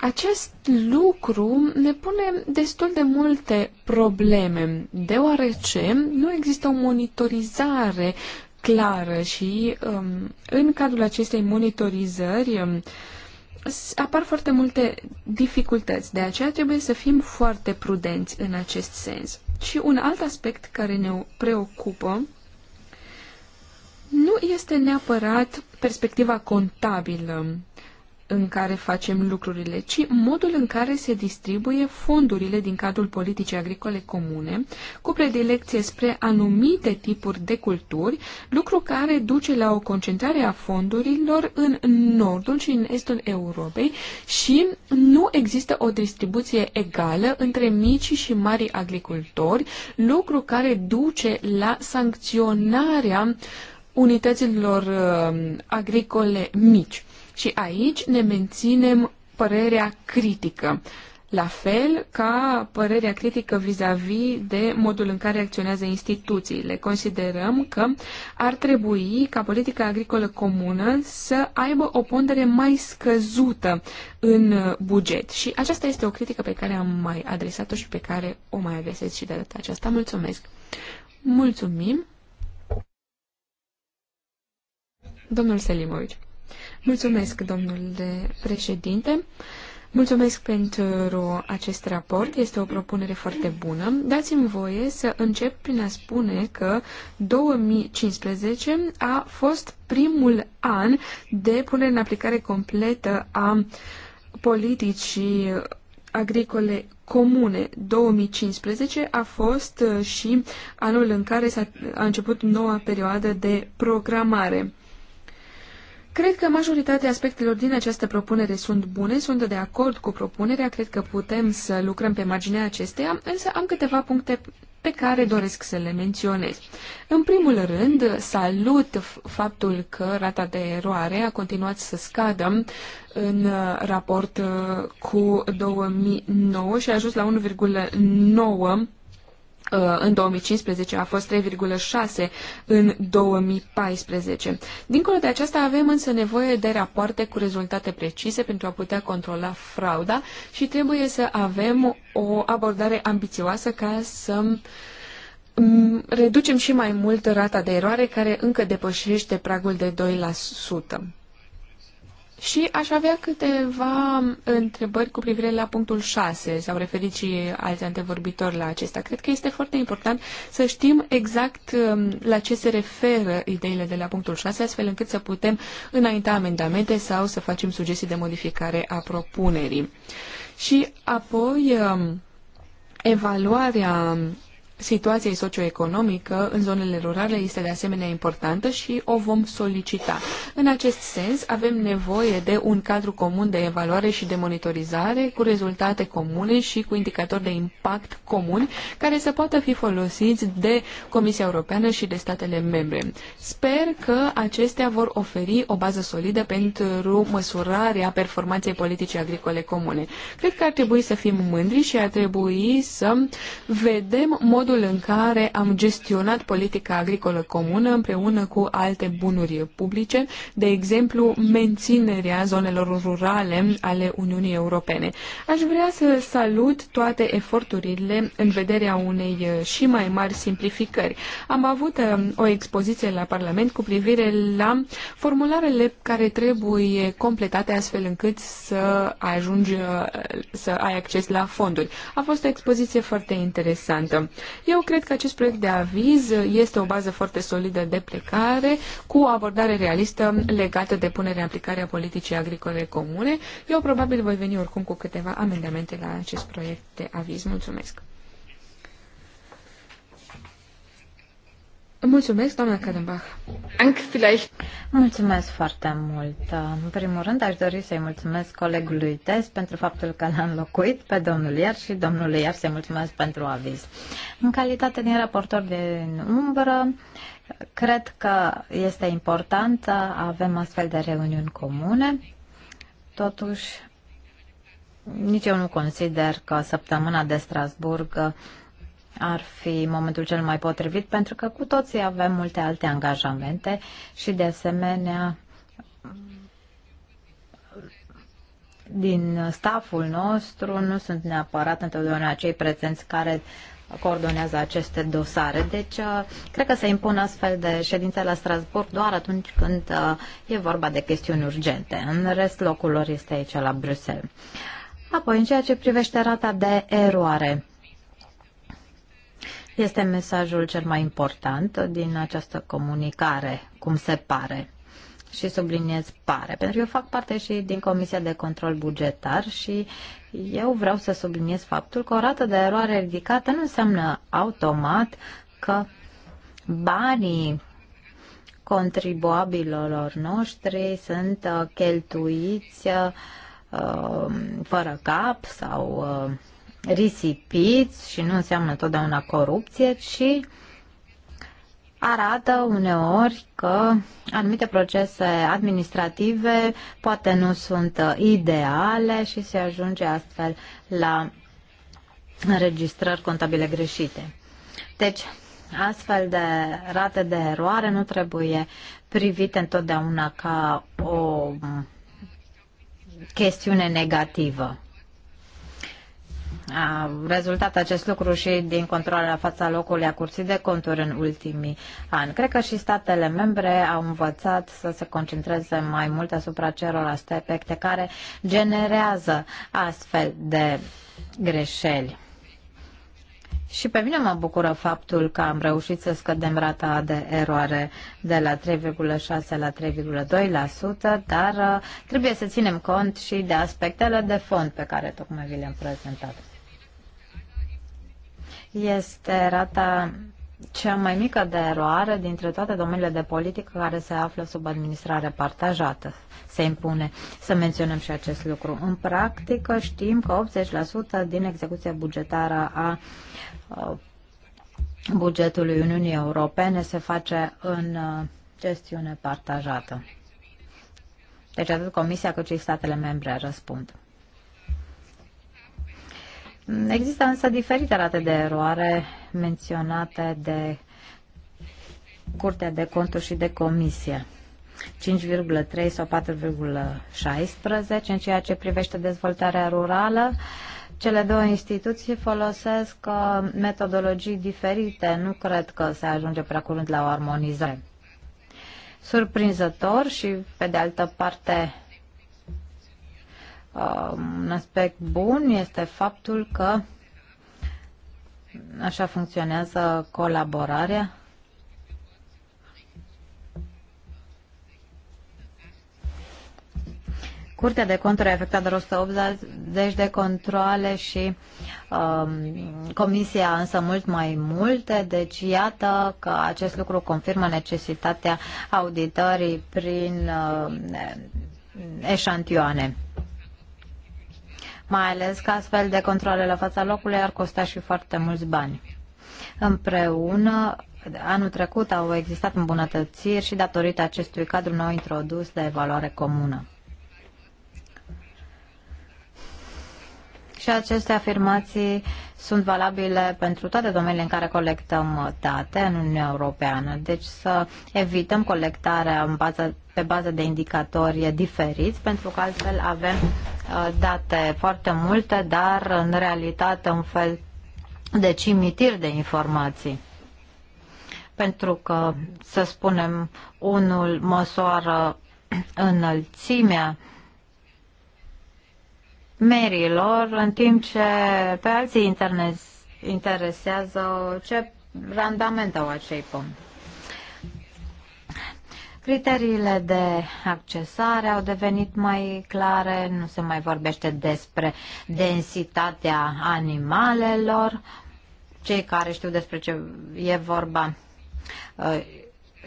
Acest lucru ne pune destul de multe probleme, deoarece nu există o monitorizare clară și um, în cadrul acestei monitorizări um, apar foarte multe dificultăți. De aceea trebuie să fim foarte prudenți în acest sens. Și un alt aspect care ne preocupă nu este neapărat perspectiva contabilă în care facem lucrurile, ci modul în care se distribuie fondurile din cadrul politicii agricole comune, cu predilecție spre anumite tipuri de culturi, lucru care duce la o concentrare a fondurilor în nordul și în estul Europei și nu există o distribuție egală între micii și mari agricultori, lucru care duce la sancționarea unităților uh, agricole mici. Și aici ne menținem părerea critică. La fel ca părerea critică vis-a-vis -vis de modul în care acționează instituțiile. Considerăm că ar trebui ca politica agricolă comună să aibă o pondere mai scăzută în buget. Și aceasta este o critică pe care am mai adresat-o și pe care o mai adresez și de data aceasta. Mulțumesc! Mulțumim! Domnul Selimovici. Mulțumesc, domnule președinte. Mulțumesc pentru acest raport, este o propunere foarte bună. Dați-mi voie să încep prin a spune că 2015 a fost primul an de punere în aplicare completă a politicii agricole comune 2015 a fost și anul în care s-a, a început noua perioadă de programare. Cred că majoritatea aspectelor din această propunere sunt bune, sunt de acord cu propunerea, cred că putem să lucrăm pe marginea acesteia, însă am câteva puncte pe care doresc să le menționez. În primul rând, salut faptul că rata de eroare a continuat să scadă în uh, raport uh, cu 2009 și a ajuns la 1,9 Uh, în 2015 a fost 3,6 în 2014. Dincolo de aceasta avem însă nevoie de rapoarte cu rezultate precise pentru a putea controla frauda și trebuie să avem o abordare ambițioasă ca să mm, reducem și mai mult rata de eroare care încă depășește pragul de 2%. Și aș avea câteva întrebări cu privire la punctul 6. S-au referit și alți antevorbitori la acesta. Cred că este foarte important să știm exact um, la ce se referă ideile de la punctul 6, astfel încât să putem înainta amendamente sau să facem sugestii de modificare a propunerii. Și apoi um, evaluarea situației socioeconomică în zonele rurale este de asemenea importantă și o vom solicita. În acest sens, avem nevoie de un cadru comun de evaluare și de monitorizare cu rezultate comune și cu indicatori de impact comuni care să poată fi folosiți de Comisia Europeană și de statele membre. Sper că acestea vor oferi o bază solidă pentru măsurarea performanței politicii agricole comune. Cred că ar trebui să fim mândri și ar trebui să vedem modul modul în care am gestionat politica agricolă comună împreună cu alte bunuri publice, de exemplu, menținerea zonelor rurale ale Uniunii Europene. Aș vrea să salut toate eforturile în vederea unei și mai mari simplificări. Am avut um, o expoziție la Parlament cu privire la formularele care trebuie completate astfel încât să ajungi uh, să ai acces la fonduri. A fost o expoziție foarte interesantă. Eu cred că acest proiect de aviz este o bază foarte solidă de plecare, cu o abordare realistă legată de punerea în aplicare a politicii agricole comune. Eu probabil voi veni oricum cu câteva amendamente la acest proiect de aviz. Mulțumesc! Mulțumesc, doamna Kadenbach. Mulțumesc foarte mult. În primul rând, aș dori să-i mulțumesc colegului Tes pentru faptul că l-a înlocuit pe domnul Iar și domnul Iar să-i mulțumesc pentru aviz. În calitate din raportor din umbră, cred că este important să avem astfel de reuniuni comune. Totuși, nici eu nu consider că săptămâna de Strasburg ar fi momentul cel mai potrivit, pentru că cu toții avem multe alte angajamente și, de asemenea, din staful nostru nu sunt neapărat întotdeauna acei prezenți care coordonează aceste dosare. Deci, uh, cred că se impun astfel de ședințe la Strasburg doar atunci când uh, e vorba de chestiuni urgente. În rest, locul lor este aici la Bruxelles. Apoi, în ceea ce privește rata de eroare, este mesajul cel mai important din această comunicare, cum se pare. Și subliniez pare, pentru că eu fac parte și din Comisia de Control Bugetar și eu vreau să subliniez faptul că o rată de eroare ridicată nu înseamnă automat că banii contribuabililor noștri sunt uh, cheltuiți uh, um, fără cap sau uh, risipiți și nu înseamnă totdeauna corupție, ci arată uneori că anumite procese administrative poate nu sunt ideale și se ajunge astfel la înregistrări contabile greșite. Deci, astfel de rate de eroare nu trebuie privite întotdeauna ca o chestiune negativă. A rezultat acest lucru și din controlarea fața locului a curții de conturi în ultimii ani. Cred că și statele membre au învățat să se concentreze mai mult asupra celor aspecte care generează astfel de greșeli. Și pe mine mă bucură faptul că am reușit să scădem rata de eroare de la 3,6 la 3,2%, dar uh, trebuie să ținem cont și de aspectele de fond pe care tocmai vi le-am prezentat este rata cea mai mică de eroare dintre toate domeniile de politică care se află sub administrare partajată. Se impune să menționăm și acest lucru. În practică știm că 80% din execuția bugetară a uh, bugetului Uniunii Europene se face în uh, gestiune partajată. Deci atât Comisia cât și statele membre răspund. Există însă diferite rate de eroare menționate de Curtea de Conturi și de Comisie. 5,3 sau 4,16 în ceea ce privește dezvoltarea rurală. Cele două instituții folosesc uh, metodologii diferite. Nu cred că se ajunge prea curând la o armonizare. Surprinzător și, pe de altă parte, uh, un aspect bun este faptul că așa funcționează colaborarea. Curtea de conturi a efectuat doar 180 de controle și um, comisia însă mult mai multe, deci iată că acest lucru confirmă necesitatea auditării prin uh, eșantioane mai ales că astfel de controle la fața locului ar costa și foarte mulți bani. Împreună, anul trecut au existat îmbunătățiri și datorită acestui cadru nou introdus de evaluare comună. și aceste afirmații sunt valabile pentru toate domeniile în care colectăm date în Uniunea Europeană. Deci să evităm colectarea în bază, pe bază de indicatori diferiți, pentru că altfel avem uh, date foarte multe, dar în realitate un fel de cimitir de informații pentru că, să spunem, unul măsoară înălțimea merilor, în timp ce pe alții internet, interesează ce randament au acei pomi. Criteriile de accesare au devenit mai clare, nu se mai vorbește despre densitatea animalelor. Cei care știu despre ce e vorba ă,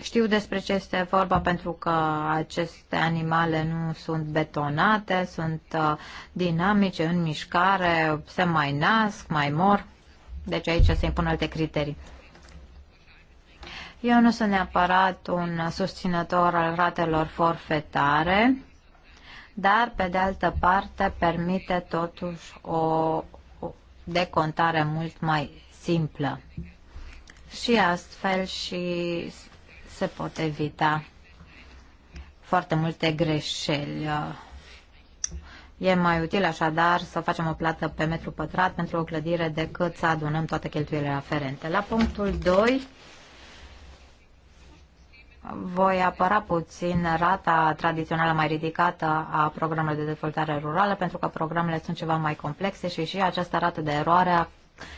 știu despre ce este vorba pentru că aceste animale nu sunt betonate, sunt uh, dinamice, în mișcare, se mai nasc, mai mor. Deci aici se impun alte criterii. Eu nu sunt neapărat un susținător al ratelor forfetare, dar, pe de altă parte, permite totuși o decontare mult mai simplă. Și astfel și se pot evita foarte multe greșeli. E mai util așadar să facem o plată pe metru pătrat pentru o clădire decât să adunăm toate cheltuielile aferente. La punctul 2 voi apăra puțin rata tradițională mai ridicată a programelor de dezvoltare rurală pentru că programele sunt ceva mai complexe și și această rată de eroare a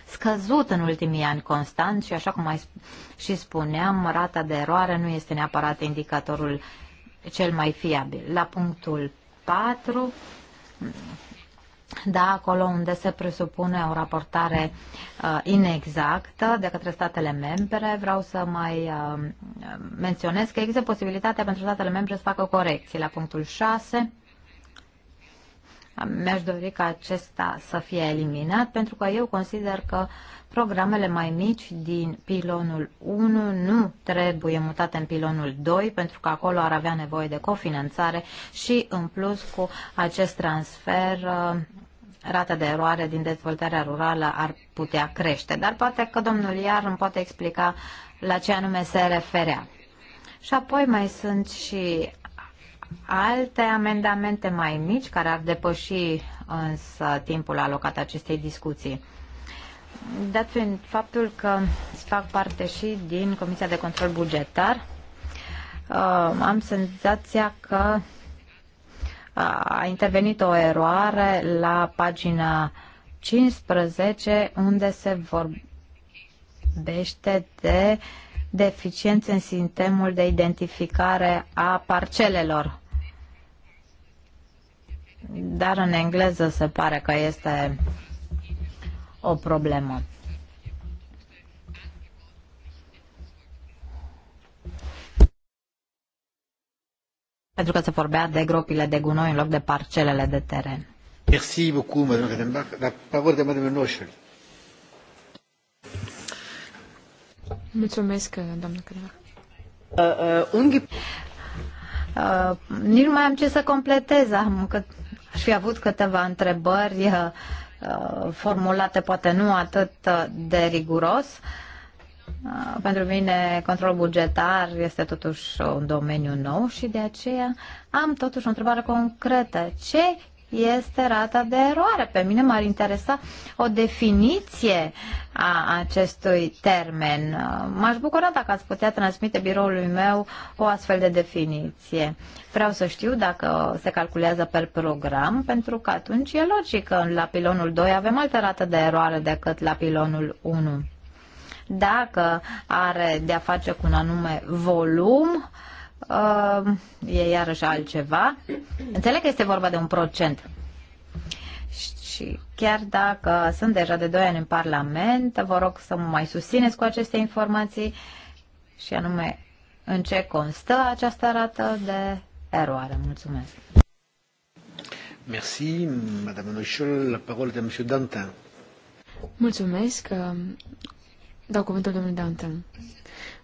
scăzut în ultimii ani constant și, așa cum mai și spuneam, rata de eroare nu este neapărat indicatorul cel mai fiabil. La punctul 4, da, acolo unde se presupune o raportare uh, inexactă de către statele membre, vreau să mai uh, menționez că există posibilitatea pentru statele membre să facă corecții. La punctul 6, mi-aș dori ca acesta să fie eliminat pentru că eu consider că programele mai mici din pilonul 1 nu trebuie mutate în pilonul 2 pentru că acolo ar avea nevoie de cofinanțare și în plus cu acest transfer uh, rata de eroare din dezvoltarea rurală ar putea crește. Dar poate că domnul Iar îmi poate explica la ce anume se referea. Și apoi mai sunt și alte amendamente mai mici care ar depăși însă timpul alocat acestei discuții. Dat fiind faptul că fac parte și din Comisia de Control Bugetar, uh, am senzația că uh, a intervenit o eroare la pagina 15 unde se vorbește de uh, deficiențe în sistemul de identificare a parcelelor. Dar în engleză se pare că este o problemă. Pentru că se vorbea de gropile de gunoi în loc de parcelele de teren. Merci beaucoup, Madame Redenbach. La parole de Madame Noșel. Mulțumesc, doamnă Crenor. Uh, uh, uh, nici nu mai am ce să completez. Am că aș fi avut câteva întrebări uh, uh formulate poate nu atât uh, de riguros. Uh, pentru mine controlul bugetar este totuși un domeniu nou și de aceea am totuși o întrebare concretă. Ce este rata de eroare. Pe mine m-ar interesa o definiție a acestui termen. M-aș bucura dacă ați putea transmite biroului meu o astfel de definiție. Vreau să știu dacă se calculează per program, pentru că atunci e logic că la pilonul 2 avem altă rată de eroare decât la pilonul 1. Dacă are de-a face cu un anume volum, uh, uh, e iarăși altceva. Înțeleg că este vorba de un procent. Și chiar dacă sunt deja de 2 ani în Parlament, vă rog să mă mai susțineți cu aceste informații și anume în ce constă această rată de eroare. Mulțumesc. Merci, Madame Noichel. La parole de Monsieur Dantin. Mulțumesc. Dau cuvântul domnului Dantin.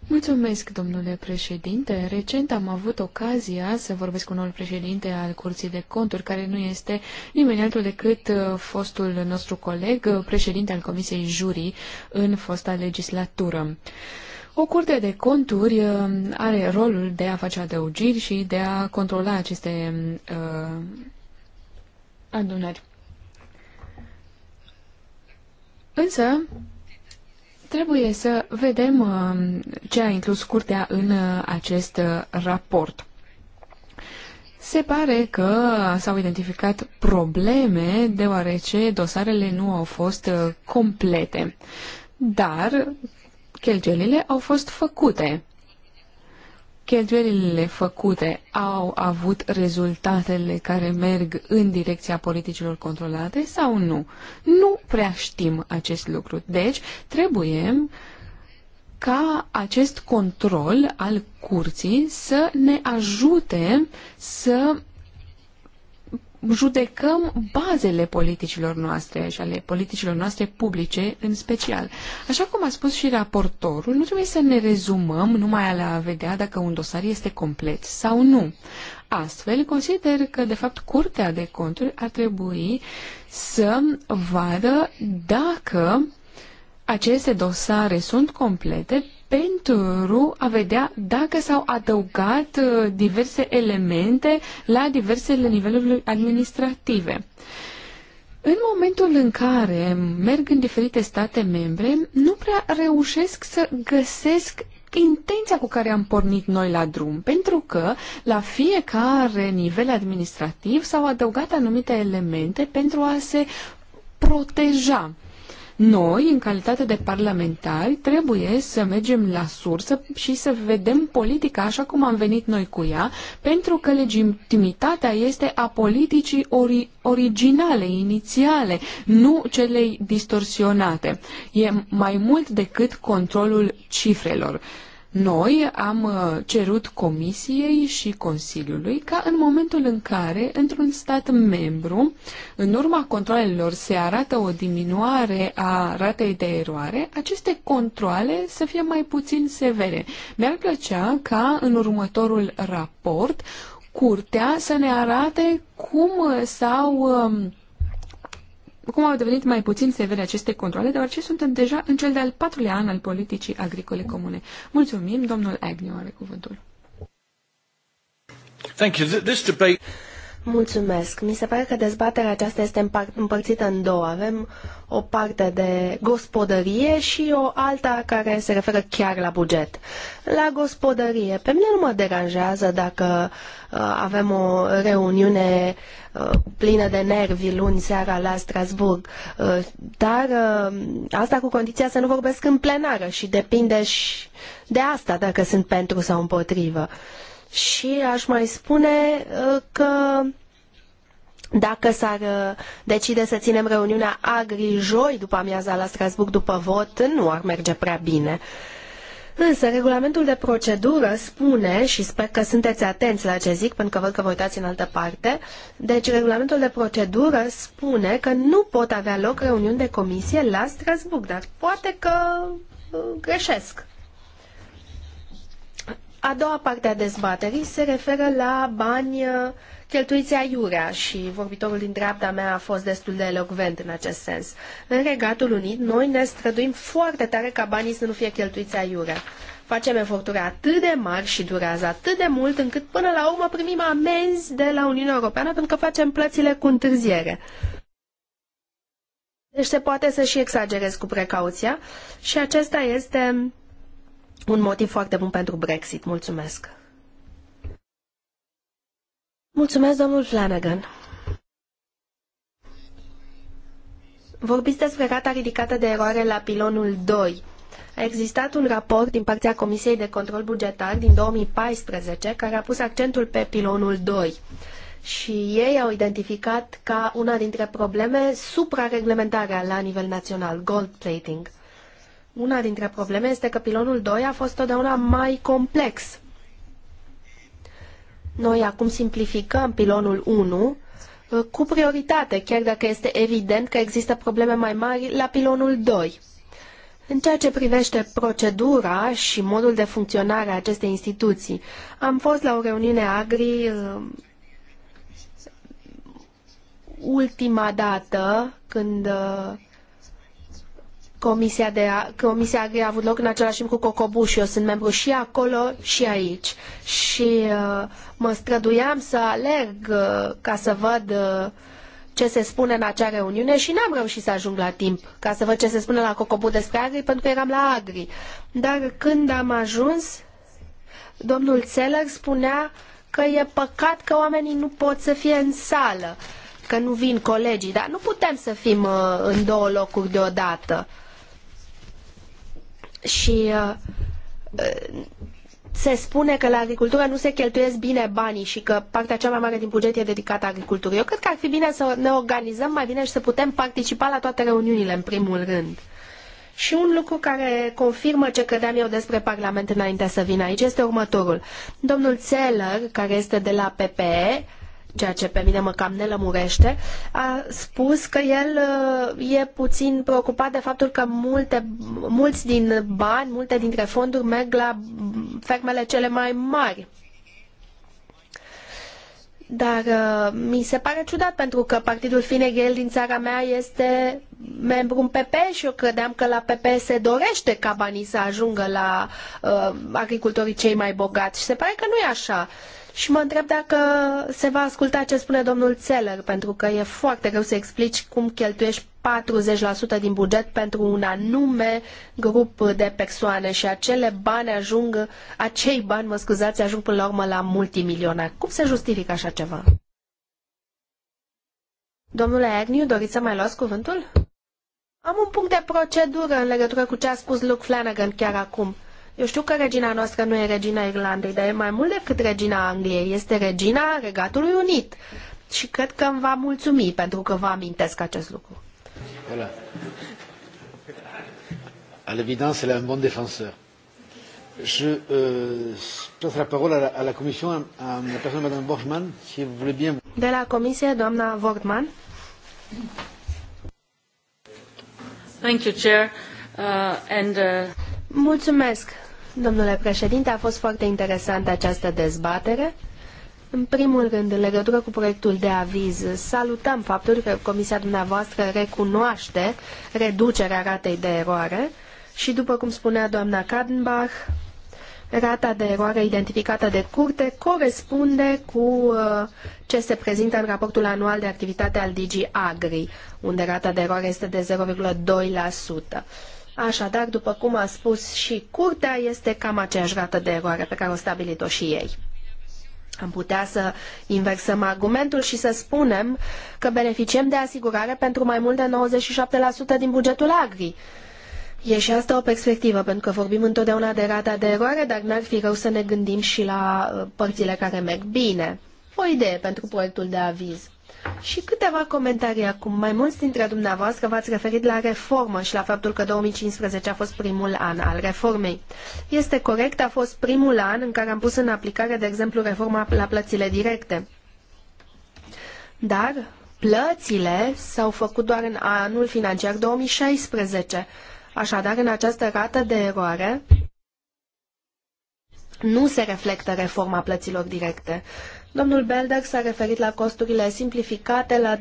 Mulțumesc, domnule președinte. Recent am avut ocazia să vorbesc cu noul președinte al Curții de Conturi, care nu este nimeni altul decât uh, fostul nostru coleg, uh, președinte al Comisiei Jurii în fosta legislatură. O curte de conturi uh, are rolul de a face adăugiri și de a controla aceste uh, adunări. Însă, Trebuie să vedem uh, ce a inclus curtea în uh, acest uh, raport. Se pare că s-au identificat probleme deoarece dosarele nu au fost complete, dar chelgelile au fost făcute cheltuielile făcute au avut rezultatele care merg în direcția politicilor controlate sau nu? Nu prea știm acest lucru. Deci, trebuie ca acest control al curții să ne ajute să judecăm bazele politicilor noastre și ale politicilor noastre publice în special. Așa cum a spus și raportorul, nu trebuie să ne rezumăm numai la a vedea dacă un dosar este complet sau nu. Astfel, consider că, de fapt, Curtea de Conturi ar trebui să vadă dacă aceste dosare sunt complete pentru a vedea dacă s-au adăugat uh, diverse elemente la diversele niveluri administrative. În momentul în care merg în diferite state membre, nu prea reușesc să găsesc intenția cu care am pornit noi la drum, pentru că la fiecare nivel administrativ s-au adăugat anumite elemente pentru a se proteja noi, în calitate de parlamentari, trebuie să mergem la sursă și să vedem politica așa cum am venit noi cu ea, pentru că legitimitatea este a politicii ori- originale, inițiale, nu celei distorsionate. E mai mult decât controlul cifrelor. Uh, noi am uh, cerut Comisiei și Consiliului ca în momentul în care, într-un stat membru, în urma controlelor se arată o diminuare a ratei de eroare, aceste controle să fie mai puțin severe. Mi-ar plăcea ca în următorul raport curtea să ne arate cum s-au um, cum au devenit mai puțin severe aceste controle, deoarece suntem deja în cel de-al patrulea an al politicii agricole comune. Mulțumim, domnul Agnew are cuvântul. Thank you. This debate... Mulțumesc. Mi se pare că dezbaterea aceasta este împărțită în două. Avem o parte de gospodărie și o alta care se referă chiar la buget. La gospodărie, pe mine nu mă deranjează dacă uh, avem o reuniune uh, plină de nervi luni seara la Strasburg, uh, dar uh, asta cu condiția să nu vorbesc în plenară și depinde și de asta dacă sunt pentru sau împotrivă. Uh, și aș mai spune uh, că dacă s-ar uh, decide să ținem reuniunea agri joi după amiaza la Strasburg după vot, nu ar merge prea bine. Însă, regulamentul de procedură spune, și sper că sunteți atenți la ce zic, pentru că văd că vă uitați în altă parte, deci regulamentul de procedură spune că nu pot avea loc reuniuni de comisie la Strasburg, dar poate că uh, greșesc. A doua parte a dezbaterii se referă la bani uh, cheltuiți aiurea și vorbitorul din dreapta mea a fost destul de elocvent în acest sens. În Regatul Unit, noi ne străduim foarte tare ca banii să nu fie cheltuiți aiurea. Facem eforturi atât de mari și durează atât de mult încât până la urmă primim amenzi de la Uniunea Europeană pentru că facem plățile cu întârziere. Deci se poate să și exagerez cu precauția și acesta este un motiv foarte bun pentru Brexit. Mulțumesc! Mulțumesc, domnul Flanagan! Vorbiți despre rata ridicată de eroare la pilonul 2. A existat un raport din partea Comisiei de Control Bugetar din 2014 care a pus accentul pe pilonul 2 și ei au identificat ca una dintre probleme suprareglementarea la nivel național, gold plating. Una dintre probleme este că pilonul 2 a fost totdeauna mai complex. Noi acum simplificăm pilonul 1 uh, cu prioritate, chiar dacă este evident că există probleme mai mari la pilonul 2. În ceea ce privește procedura și modul de funcționare a acestei instituții, am fost la o reuniune agri uh, ultima dată când uh, Comisia, de, Comisia Agri a avut loc în același timp cu Cocobu eu sunt membru și acolo și aici. Și uh, mă străduiam să alerg uh, ca să văd uh, ce se spune în acea reuniune și n-am reușit să ajung la timp ca să văd ce se spune la Cocobu despre Agri pentru că eram la Agri. Dar când am ajuns, domnul Țeler spunea că e păcat că oamenii nu pot să fie în sală că nu vin colegii, dar nu putem să fim uh, în două locuri deodată. Uh, și uh, uh, se spune că la agricultură nu se cheltuiesc bine banii și că partea cea mai mare din buget e dedicată agriculturii. Eu cred că ar fi bine să ne organizăm mai bine și să putem participa la toate reuniunile, în primul rând. Și un lucru care confirmă ce credeam eu despre Parlament înainte să vin aici este următorul. Domnul Țeller, care este de la PPE, ceea ce pe mine mă cam nelămurește, a spus că el uh, e puțin preocupat de faptul că multe, mulți din bani, multe dintre fonduri merg la fermele cele mai mari. Dar uh, mi se pare ciudat pentru că partidul Fine Gael din țara mea este membru în PP și eu credeam că la PP se dorește ca banii să ajungă la uh, agricultorii cei mai bogați și se pare că nu e așa. Uh, și mă întreb dacă se va asculta ce spune domnul Zeller, pentru că e foarte greu să explici cum cheltuiești 40% din buget pentru un anume grup de persoane și acele bani ajung, acei bani, mă scuzați, ajung până la urmă la multimilionari. Cum se justifică așa ceva? Domnule Agnew, doriți să mai luați cuvântul? Am un punct de procedură în legătură cu ce a spus Luke Flanagan chiar acum. Eu știu că regina noastră nu e regina Irlandei, dar e mai mult decât regina Angliei, este regina Regatului Unit. Și cred că îmi va mulțumi pentru că vă amintesc acest lucru. Voilà. À l'évidence, elle est un bon défenseur. Je euh, passe la parole à la, à la Commission, à, à la personne Mme Borgman, si vous voulez bien. De la Comisie, Mme Borgman. Thank you, Chair. Uh, and, uh... Mulțumesc, domnule președinte. A fost foarte interesantă această dezbatere. În primul rând, în legătură cu proiectul de aviz, salutăm faptul că Comisia dumneavoastră recunoaște reducerea ratei de eroare și, după cum spunea doamna Kadenbach, rata de eroare identificată de curte corespunde cu uh, ce se prezintă în raportul anual de activitate al DG Agri, unde rata de eroare este de 0,2%. Așadar, după cum a spus și curtea, este cam aceeași rată de eroare pe care o stabilit-o și ei. Am putea să inversăm argumentul și să spunem că beneficiem de asigurare pentru mai mult de 97% din bugetul agri. E și asta o perspectivă, pentru că vorbim întotdeauna de rata de eroare, dar n-ar fi rău să ne gândim și la uh, părțile care merg bine. O idee pentru proiectul de aviz. Și câteva comentarii acum. Mai mulți dintre dumneavoastră v-ați referit la reformă și la faptul că 2015 a fost primul an al reformei. Este corect, a fost primul an în care am pus în aplicare, de exemplu, reforma la plățile directe. Dar plățile s-au făcut doar în anul financiar 2016. Așadar, în această rată de eroare nu se reflectă reforma plăților directe. Domnul Belder s-a referit la costurile simplificate, la,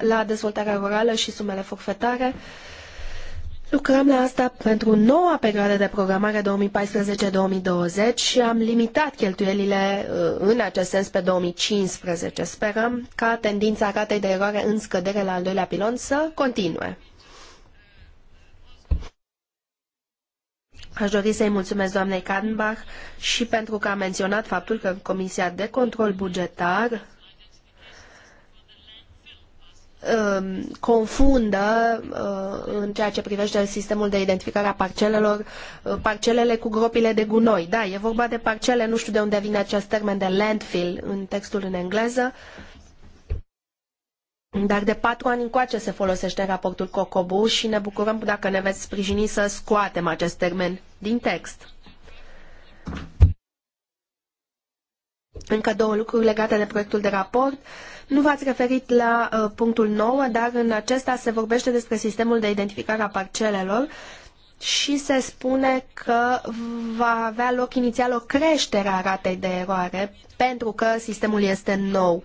la dezvoltarea rurală și sumele forfetare. Lucrăm la asta pentru noua perioadă de programare 2014-2020 și am limitat cheltuielile uh, în acest sens pe 2015. Sperăm ca tendința ratei de eroare în scădere la al doilea pilon să continue. Aș dori să-i mulțumesc doamnei Kadenbach și pentru că a menționat faptul că în Comisia de Control Bugetar um, confundă uh, în ceea ce privește sistemul de identificare a parcelelor uh, parcelele cu gropile de gunoi. Da, e vorba de parcele, nu știu de unde vine acest termen de landfill în textul în engleză. Dar de patru ani încoace se folosește raportul COCOBU și ne bucurăm dacă ne veți sprijini să scoatem acest termen din text. Încă două lucruri legate de proiectul de raport. Nu v-ați referit la uh, punctul 9, dar în acesta se vorbește despre sistemul de identificare a parcelelor și se spune că va avea loc inițial o creștere a ratei de eroare pentru că sistemul este nou. Uh,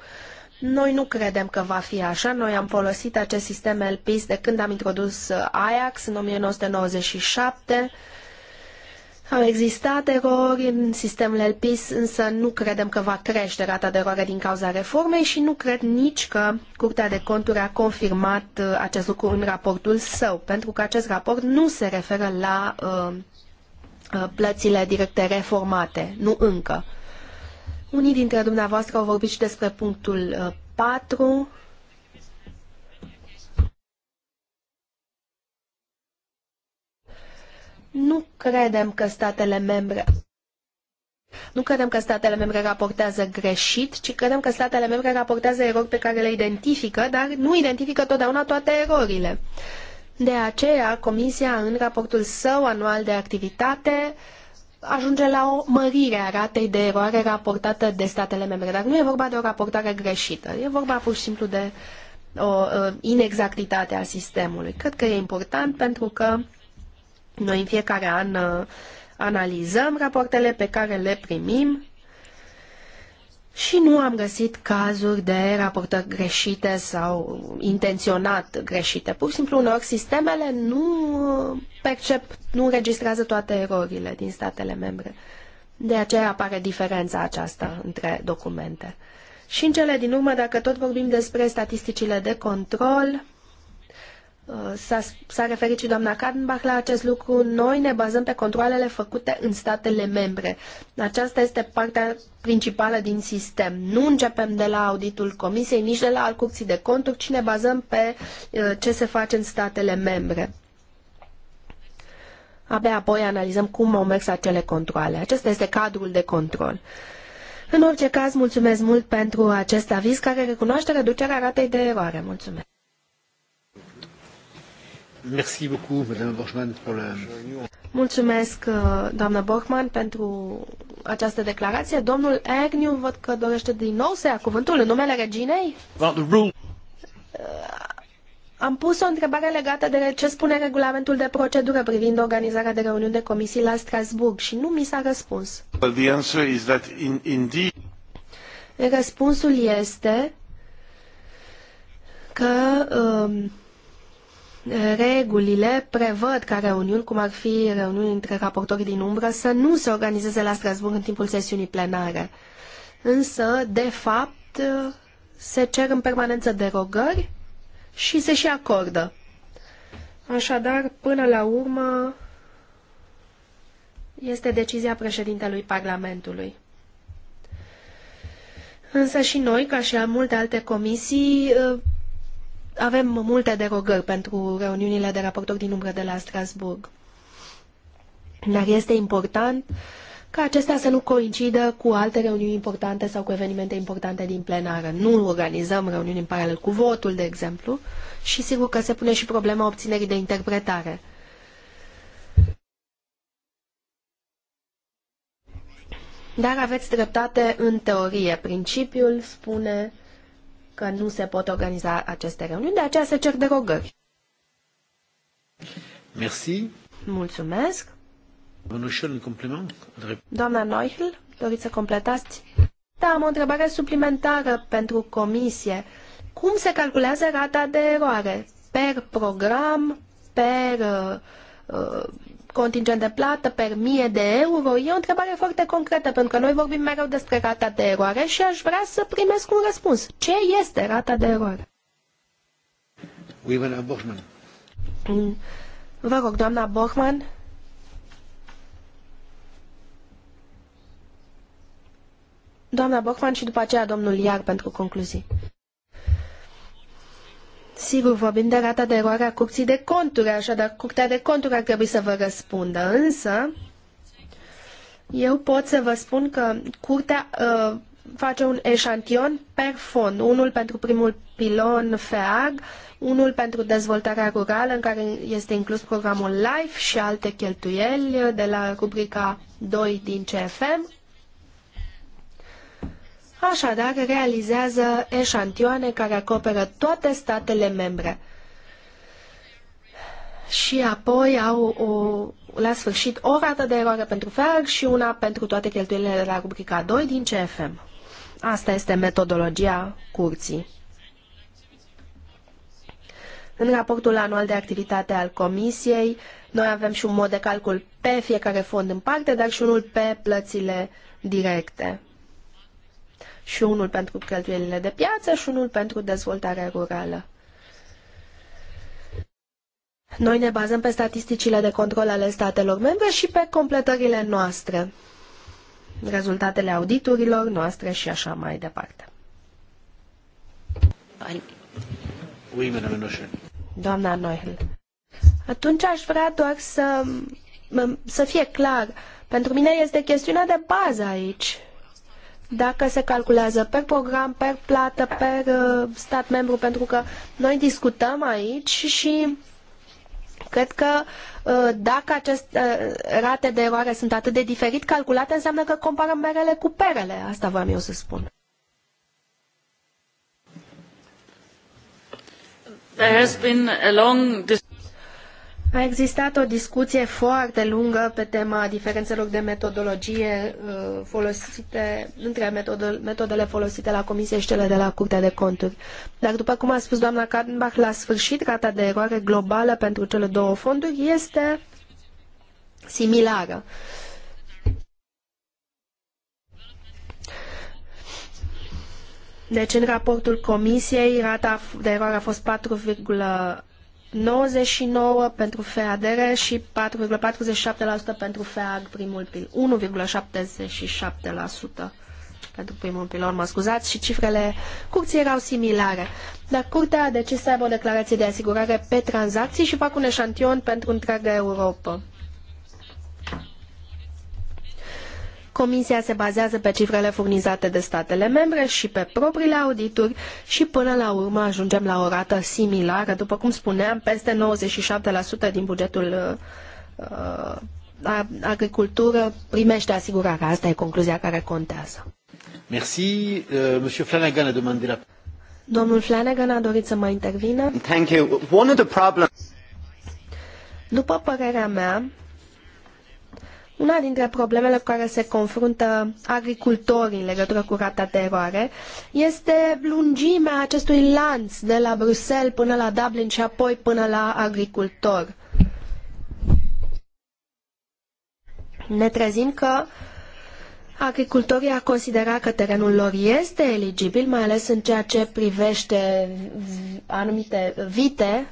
noi nu credem că va fi așa. Noi am folosit acest sistem LPIS de când am introdus uh, Ajax în 1997. Au existat erori în sistemul LPIS, însă nu credem că va crește rata de eroare din cauza reformei și nu cred nici că Curtea de Conturi a confirmat uh, acest lucru în raportul său, pentru că acest raport nu se referă la uh, uh plățile directe reformate, nu încă. Unii dintre dumneavoastră au vorbit și despre punctul 4. Uh, nu credem că statele membre nu credem că statele membre raportează greșit, ci credem că statele membre raportează erori pe care le identifică, dar nu identifică totdeauna toate erorile. De aceea, Comisia, în raportul său anual de activitate, uh, ajunge la o mărire a ratei de eroare raportată de statele membre. Dar nu e vorba de o raportare greșită, e vorba pur și simplu de o uh, inexactitate a sistemului. Cred că e important pentru că noi în fiecare an uh, analizăm rapoartele pe care le primim și nu am găsit cazuri de raportări greșite sau intenționat greșite. Pur și simplu, uneori, sistemele nu percep, nu registrează toate erorile din statele membre. De aceea apare diferența aceasta între documente. Și în cele din urmă, dacă tot vorbim despre statisticile de control, Uh, s-a referit și doamna Karnbach la acest lucru. Noi ne bazăm pe controlele făcute în statele membre. Aceasta este partea principală din sistem. Nu începem de la auditul Comisiei, nici de la al curții de conturi, ci ne bazăm pe uh, ce se face în statele membre. Abia apoi analizăm cum au mers acele controle. Acesta este cadrul de control. În orice caz, mulțumesc mult pentru acest aviz care recunoaște reducerea ratei de eroare. Mulțumesc! Mulțumesc, uh, doamnă Borgman, pentru această declarație. Domnul Agnew, văd că dorește din nou să ia cuvântul în numele reginei. Uh, am pus o întrebare legată de ce spune regulamentul de procedură privind organizarea de reuniuni de comisii la Strasbourg și nu mi s-a răspuns. Răspunsul este că um, Regulile prevăd ca reuniuni, cum ar fi reuniuni între raportorii din umbră, să nu se organizeze la Strasburg în timpul sesiunii plenare. Însă, de fapt, se cer în permanență derogări și se și acordă. Așadar, până la urmă, este decizia președintelui Parlamentului. Însă și noi, ca și multe alte comisii, avem multe derogări pentru reuniunile de raportori din umbră de la Strasburg. Dar este important ca acestea să nu coincidă cu alte reuniuni importante sau cu evenimente importante din plenară. Nu organizăm reuniuni în paralel cu votul, de exemplu, și sigur că se pune și problema obținerii de interpretare. Dar aveți dreptate în teorie. Principiul spune că nu se pot organiza aceste reuniuni, de aceea se cer derogări. Merci. Mulțumesc. Doamna Neuchl, doriți să completați? Da, am o întrebare suplimentară pentru comisie. Cum se calculează rata de eroare? Per program, per uh, uh contingent de plată per mie de euro? E o întrebare foarte concretă, pentru că noi vorbim mereu despre rata de eroare și aș vrea să primesc un răspuns. Ce este rata de eroare? Uimena Bochman. Mm. Vă rog, doamna Bochman. Doamna Bochman și după aceea domnul Iar pentru concluzii. Sigur, vorbim de rata de eroare a curții de conturi, așadar curtea de conturi ar trebui să vă răspundă, însă eu pot să vă spun că curtea uh, face un eșantion per fond, unul pentru primul pilon FEAG, unul pentru dezvoltarea rurală în care este inclus programul LIFE și alte cheltuieli de la rubrica 2 din CFM Așadar, realizează eșantioane care acoperă toate statele membre. Și apoi au o, la sfârșit o rată de eroare pentru FERG și una pentru toate cheltuielile de la rubrica 2 din CFM. Asta este metodologia curții. În raportul anual de activitate al Comisiei, noi avem și un mod de calcul pe fiecare fond în parte, dar și unul pe plățile directe și unul pentru cheltuielile de piață și unul pentru dezvoltarea rurală. Noi ne bazăm pe statisticile de control ale statelor membre și pe completările noastre, rezultatele auditurilor noastre și așa mai departe. Doamna Noihl, atunci aș vrea doar să, să fie clar. Pentru mine este chestiunea de bază aici dacă se calculează per program, per plată, per uh, stat membru, pentru că noi discutăm aici și cred că uh, dacă aceste uh, rate de eroare sunt atât de diferit calculate, înseamnă că comparăm merele cu perele. Asta vreau eu să spun. There has been a long... A existat o discuție foarte lungă pe tema diferențelor de metodologie uh, folosite între metodele folosite la Comisie și cele de la Curtea de Conturi. Dar după cum a spus doamna Kadenbach, la sfârșit rata de eroare globală pentru cele două fonduri este similară. Deci în raportul Comisiei rata de eroare a fost 4,1 99 pentru FADR și 4,47% pentru FEAG primul pil, 1,77% pentru primul pilon, mă scuzați, și cifrele curții erau similare. Dar curtea a decis să aibă o declarație de asigurare pe tranzacții și fac un eșantion pentru întreaga Europa. Comisia se bazează pe cifrele furnizate de statele membre și pe propriile audituri și până la urmă ajungem la o rată similară, după cum spuneam, peste 97% din bugetul uh, uh, agricultură primește asigurarea. Asta e concluzia care contează. Merci. Uh, Monsieur Flanagan a demandé la... Domnul Flanagan a dorit să mai intervină. Thank you. One of the problems... După părerea mea, una dintre problemele cu care se confruntă agricultorii în legătură cu rata de eroare este lungimea acestui lanț de la Bruxelles până la Dublin și apoi până la agricultor. Ne trezim că Agricultorii a considera că terenul lor este eligibil, mai ales în ceea ce privește anumite vite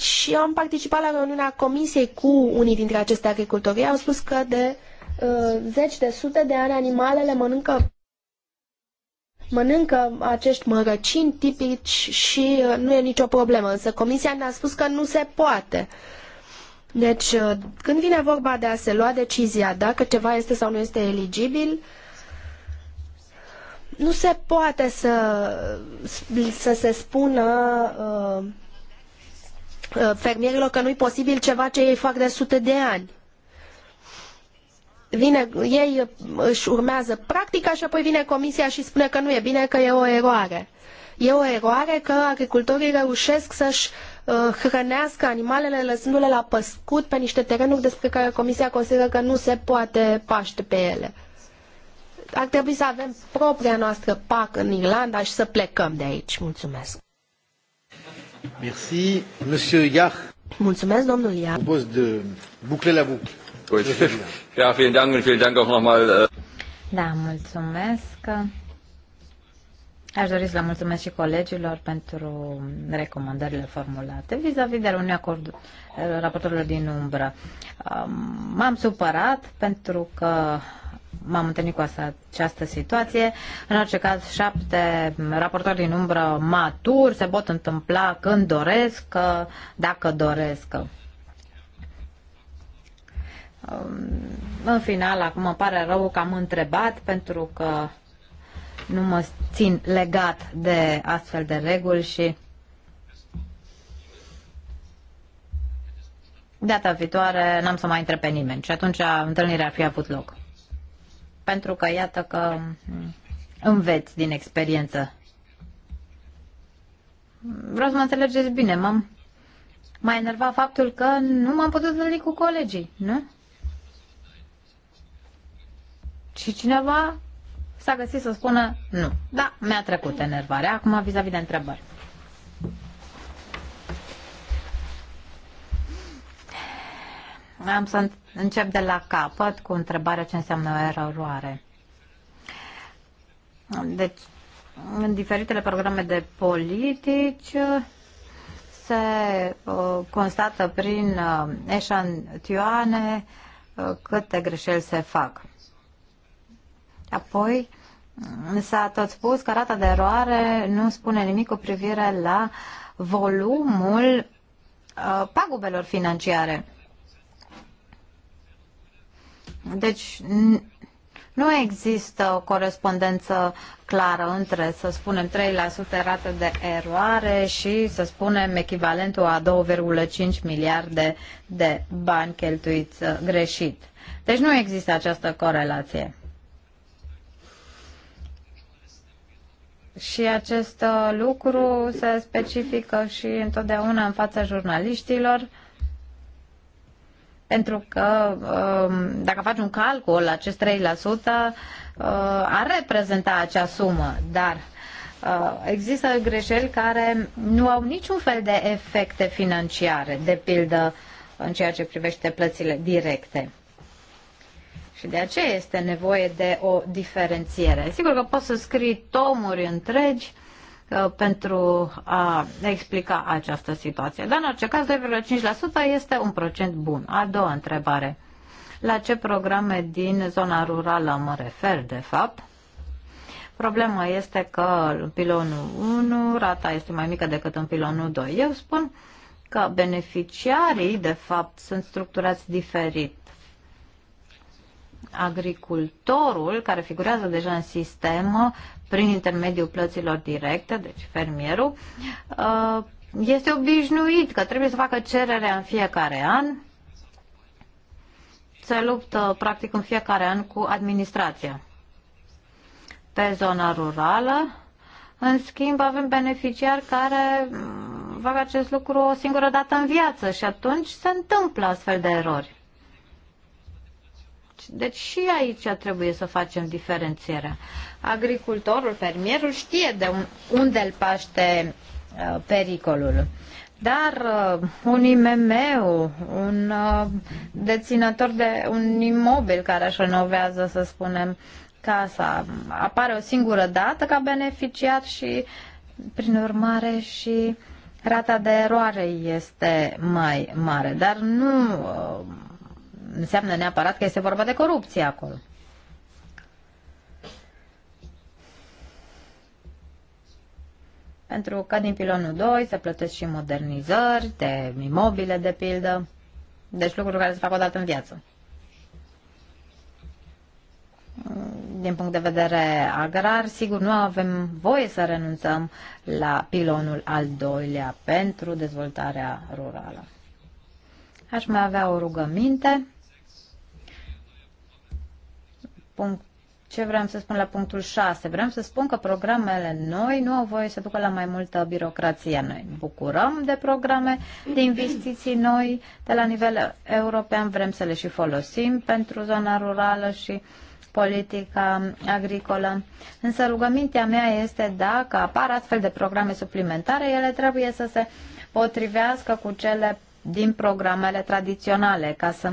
și am participat la reuniunea comisiei cu unii dintre aceste agricultori. Au spus că de uh, zeci de sute de ani animalele mănâncă mănâncă acești mărăcini tipici și uh, nu e nicio problemă. Însă comisia ne-a spus că nu se poate. Deci, uh, când vine vorba de a se lua decizia dacă ceva este sau nu este eligibil, nu se poate să, să se spună uh, Uh, fermierilor că nu-i posibil ceva ce ei fac de sute de ani. Vine, ei își urmează practica și apoi vine comisia și spune că nu e bine, că e o eroare. E o eroare că agricultorii reușesc să-și uh, hrănească animalele lăsându-le la păscut pe niște terenuri despre care comisia consideră că nu se poate paște pe ele. Ar trebui să avem propria noastră PAC în Irlanda și să plecăm de aici. Mulțumesc! Merci. Monsieur Iach. Mulțumesc, domnul Iach. Propos de boucler la Ja, păi, vielen Dank und vielen Dank auch nochmal. Äh, da, mulțumesc. Aș dori să le mulțumesc și colegilor pentru recomandările formulate vis-a-vis -vis de acord raportorilor din umbră. M-am supărat pentru că m-am întâlnit cu asta, această situație. În orice caz, șapte raportori din umbră maturi se pot întâmpla când doresc, dacă doresc. Um, în final, acum îmi pare rău că am întrebat pentru că nu mă țin legat de astfel de reguli și data viitoare n-am să mai întreb pe nimeni și atunci întâlnirea ar fi avut loc pentru că iată că înveți din experiență. Vreau să mă înțelegeți bine, m-am mai enervat faptul că nu m-am putut întâlni cu colegii, nu? Și cineva s-a găsit să spună nu. Da, mi-a trecut enervarea. Acum vis-a-vis -vis de întrebări. Am să încep de la capăt cu întrebarea ce înseamnă o eroare. Deci, în diferitele programe de politici se uh, constată prin uh, eșantioane uh, câte greșeli se fac. Apoi, s-a tot spus că rata de eroare nu spune nimic cu privire la volumul uh, pagubelor financiare. Deci nu există o corespondență clară între, să spunem, 3% rată de eroare și, să spunem, echivalentul a 2,5 miliarde de bani cheltuiți uh, greșit. Deci nu există această corelație. Și acest uh, lucru se specifică și întotdeauna în fața jurnaliștilor, pentru că um, dacă faci un calcul, acest 3% uh, ar reprezenta acea sumă, dar uh, există greșeli care nu au niciun fel de efecte financiare, de pildă în ceea ce privește plățile directe. Și de aceea este nevoie de o diferențiere. Sigur că poți să scrii tomuri întregi Uh, pentru a explica această situație. Dar, în orice caz, 2,5% este un procent bun. A doua întrebare. La ce programe din zona rurală mă refer, de fapt? Problema este că în pilonul 1 rata este mai mică decât în pilonul 2. Eu spun că beneficiarii, de fapt, sunt structurați diferit agricultorul care figurează deja în sistem uh, prin intermediul plăților directe, deci fermierul, uh, este obișnuit că trebuie să facă cererea în fiecare an. Se luptă practic în fiecare an cu administrația. Pe zona rurală, în schimb, avem beneficiari care mm, fac acest lucru o singură dată în viață și atunci se întâmplă astfel de erori. Deci, deci și aici trebuie să facem diferențierea. Agricultorul, fermierul știe de unde îl paște uh, pericolul. Dar uh, un IMM, un uh, deținător de un imobil care își renovează, să spunem, casa, apare o singură dată ca beneficiat și, prin urmare, și rata de eroare este mai mare. Dar nu înseamnă neapărat că este vorba de corupție acolo. Pentru că din pilonul 2 se plătesc și modernizări de imobile, de pildă, deci lucruri care se fac odată în viață. Din punct de vedere agrar, sigur, nu avem voie să renunțăm la pilonul al doilea pentru dezvoltarea rurală. Aș mai avea o rugăminte. Punct. Ce vrem să spun la punctul 6? Vrem să spun că programele noi nu au voie să ducă la mai multă birocrație. Noi bucurăm de programe de investiții noi de la nivel european, vrem să le și folosim pentru zona rurală și politica agricolă. Însă rugămintea mea este dacă apar astfel de programe suplimentare, ele trebuie să se potrivească cu cele din programele tradiționale, ca să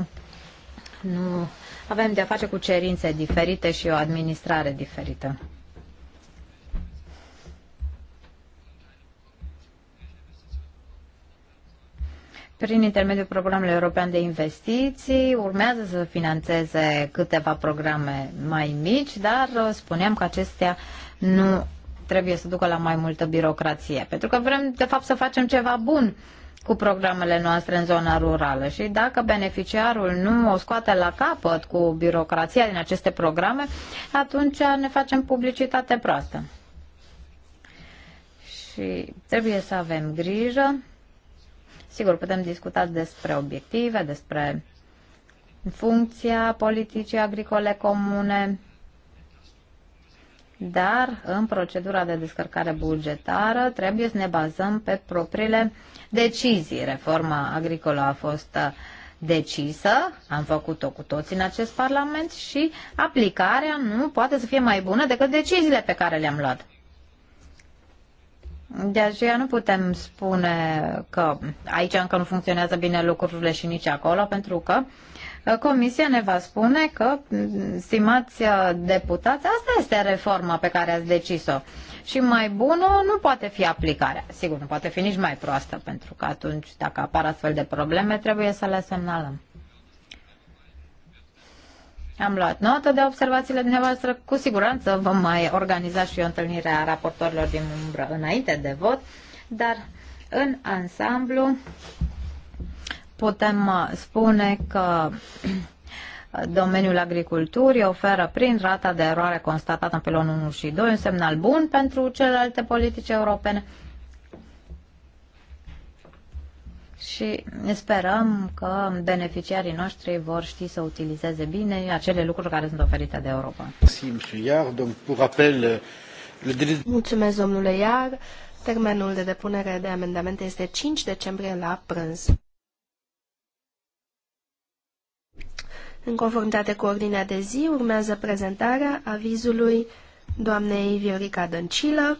nu avem de-a face cu cerințe diferite și o administrare diferită. Prin intermediul programului european de investiții urmează să financeze câteva programe mai mici, dar uh, spuneam că acestea nu trebuie să ducă la mai multă birocrație, pentru că vrem de fapt să facem ceva bun cu programele noastre în zona rurală și dacă beneficiarul nu o scoate la capăt cu birocrația din aceste programe, atunci ne facem publicitate proastă. Și trebuie să avem grijă. Sigur, putem discuta despre obiective, despre funcția politicii agricole comune, dar în procedura de descărcare bugetară trebuie să ne bazăm pe propriile decizii. Reforma agricolă a fost uh, decisă, am făcut-o cu toți în acest Parlament și aplicarea nu poate să fie mai bună decât deciziile pe care le-am luat. De aceea nu putem spune că aici încă nu funcționează bine lucrurile și nici acolo, pentru că uh, Comisia ne va spune că, stimați uh, deputați, asta este reforma pe care ați decis-o. Și mai bună nu poate fi aplicarea. Sigur, nu poate fi nici mai proastă, pentru că atunci, dacă apar astfel de probleme, trebuie să le semnalăm. Am luat notă de observațiile dumneavoastră. Cu siguranță vom mai organiza și o întâlnire a raportorilor din umbră înainte de vot, dar în ansamblu putem uh, spune că uh, domeniul agriculturii oferă prin rata de eroare constatată în pilonul 1 și 2 un semnal bun pentru celelalte politici europene. Și sperăm că beneficiarii noștri vor ști să utilizeze bine acele lucruri care sunt oferite de Europa. Euh, Mulțumesc, domnule Iar. Termenul de depunere de amendamente este 5 decembrie la prânz. În conformitate cu ordinea de zi, urmează prezentarea avizului doamnei Viorica Dăncilă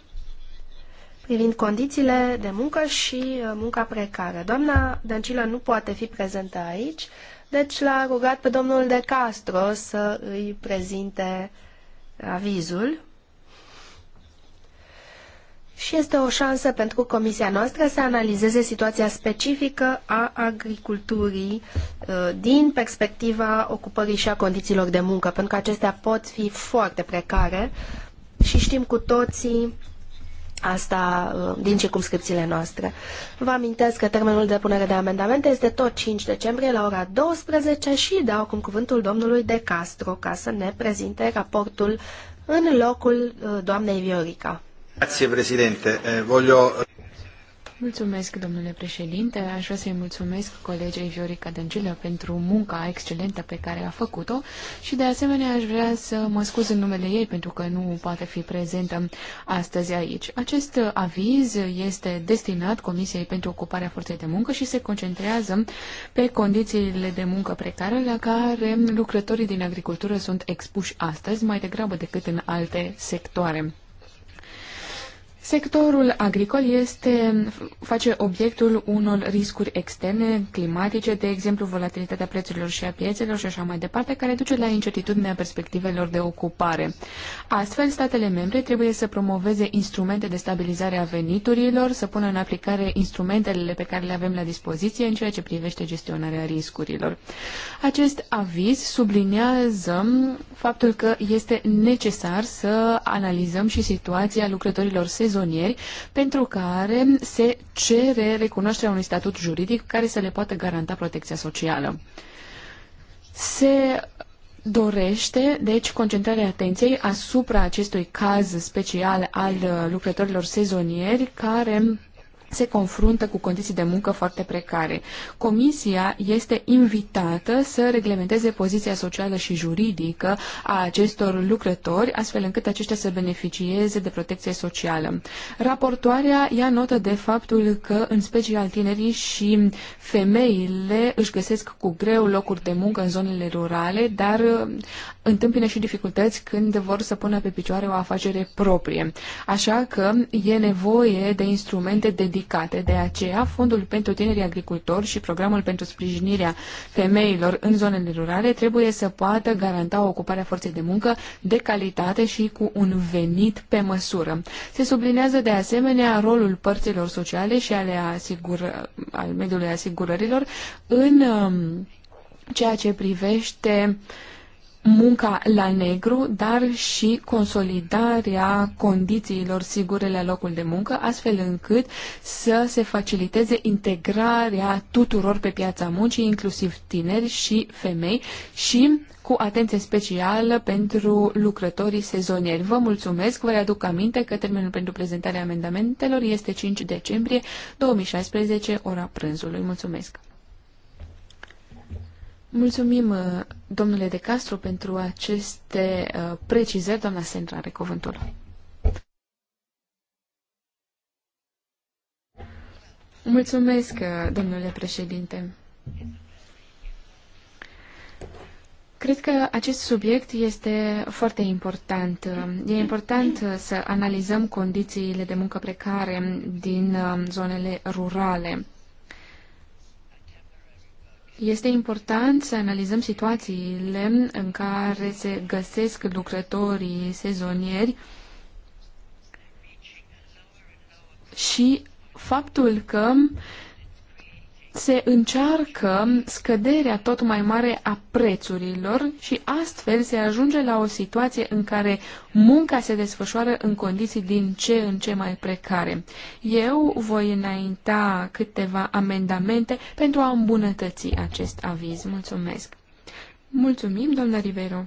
privind condițiile de muncă și uh, munca precară. Doamna Dăncilă nu poate fi prezentă aici, deci l-a rugat pe domnul De Castro să îi prezinte avizul și este o șansă pentru comisia noastră să analizeze situația specifică a agriculturii uh, din perspectiva ocupării și a condițiilor de muncă, pentru că acestea pot fi foarte precare și știm cu toții asta uh, din circumscripțiile noastre. Vă amintesc că termenul de punere de amendamente este tot 5 decembrie la ora 12 și dau acum cuvântul domnului De Castro ca să ne prezinte raportul în locul uh, doamnei Viorica. Grazie, Presidente. Eh, voglio... Mulțumesc, domnule președinte. Aș vrea să-i mulțumesc colegei Viorica Dăncilă pentru munca excelentă pe care a făcut-o și de asemenea aș vrea să mă scuz în numele ei pentru că nu poate fi prezentă astăzi aici. Acest aviz este destinat Comisiei pentru Ocuparea Forței de Muncă și se concentrează pe condițiile de muncă precare la care lucrătorii din agricultură sunt expuși astăzi mai degrabă decât în alte sectoare. Sectorul agricol este, face obiectul unor riscuri externe, climatice, de exemplu volatilitatea prețurilor și a piețelor și așa mai departe, care duce la incertitudinea perspectivelor de ocupare. Astfel, statele membre trebuie să promoveze instrumente de stabilizare a veniturilor, să pună în aplicare instrumentele pe care le avem la dispoziție în ceea ce privește gestionarea riscurilor. Acest aviz subliniază faptul că este necesar să analizăm și situația lucrătorilor sezonale prizonieri, pentru care se cere recunoașterea unui statut juridic care să le poată garanta protecția socială. Se dorește, deci, concentrarea atenției asupra acestui caz special al lucrătorilor sezonieri care se confruntă cu condiții de muncă foarte precare. Comisia este invitată să reglementeze poziția socială și juridică a acestor lucrători, astfel încât aceștia să beneficieze de protecție socială. Raportoarea ia notă de faptul că, în special tinerii și femeile, își găsesc cu greu locuri de muncă în zonele rurale, dar întâmpină și dificultăți când vor să pună pe picioare o afacere proprie. Așa că e nevoie de instrumente dedicate. De aceea, Fondul pentru Tinerii Agricultori și Programul pentru Sprijinirea Femeilor în zonele rurale trebuie să poată garanta o ocupare a forței de muncă de calitate și cu un venit pe măsură. Se sublinează de asemenea rolul părților sociale și ale, asigur, al mediului asigurărilor în um, ceea ce privește uh, munca la negru, dar și consolidarea condițiilor sigure la locul de muncă, astfel încât să se faciliteze integrarea tuturor pe piața muncii, inclusiv tineri și femei și cu atenție specială pentru lucrătorii sezonieri. Vă mulțumesc, vă aduc aminte că termenul pentru prezentarea amendamentelor este 5 decembrie 2016, ora prânzului. Mulțumesc! Mulțumim, uh, domnule De Castro, pentru aceste uh, precizări. Doamna Sandra are cuvântul. Mulțumesc, uh, domnule președinte. Cred că acest subiect este foarte important. E important să analizăm condițiile de muncă precare din zonele rurale. Este important să analizăm situațiile în care se găsesc lucrătorii sezonieri și faptul că uh, se încearcă scăderea tot mai mare a prețurilor și astfel se ajunge la o situație în care munca se desfășoară în condiții din ce în ce mai precare. Eu voi înainta câteva amendamente pentru a îmbunătăți acest aviz. Mulțumesc! Mulțumim, doamna Rivero!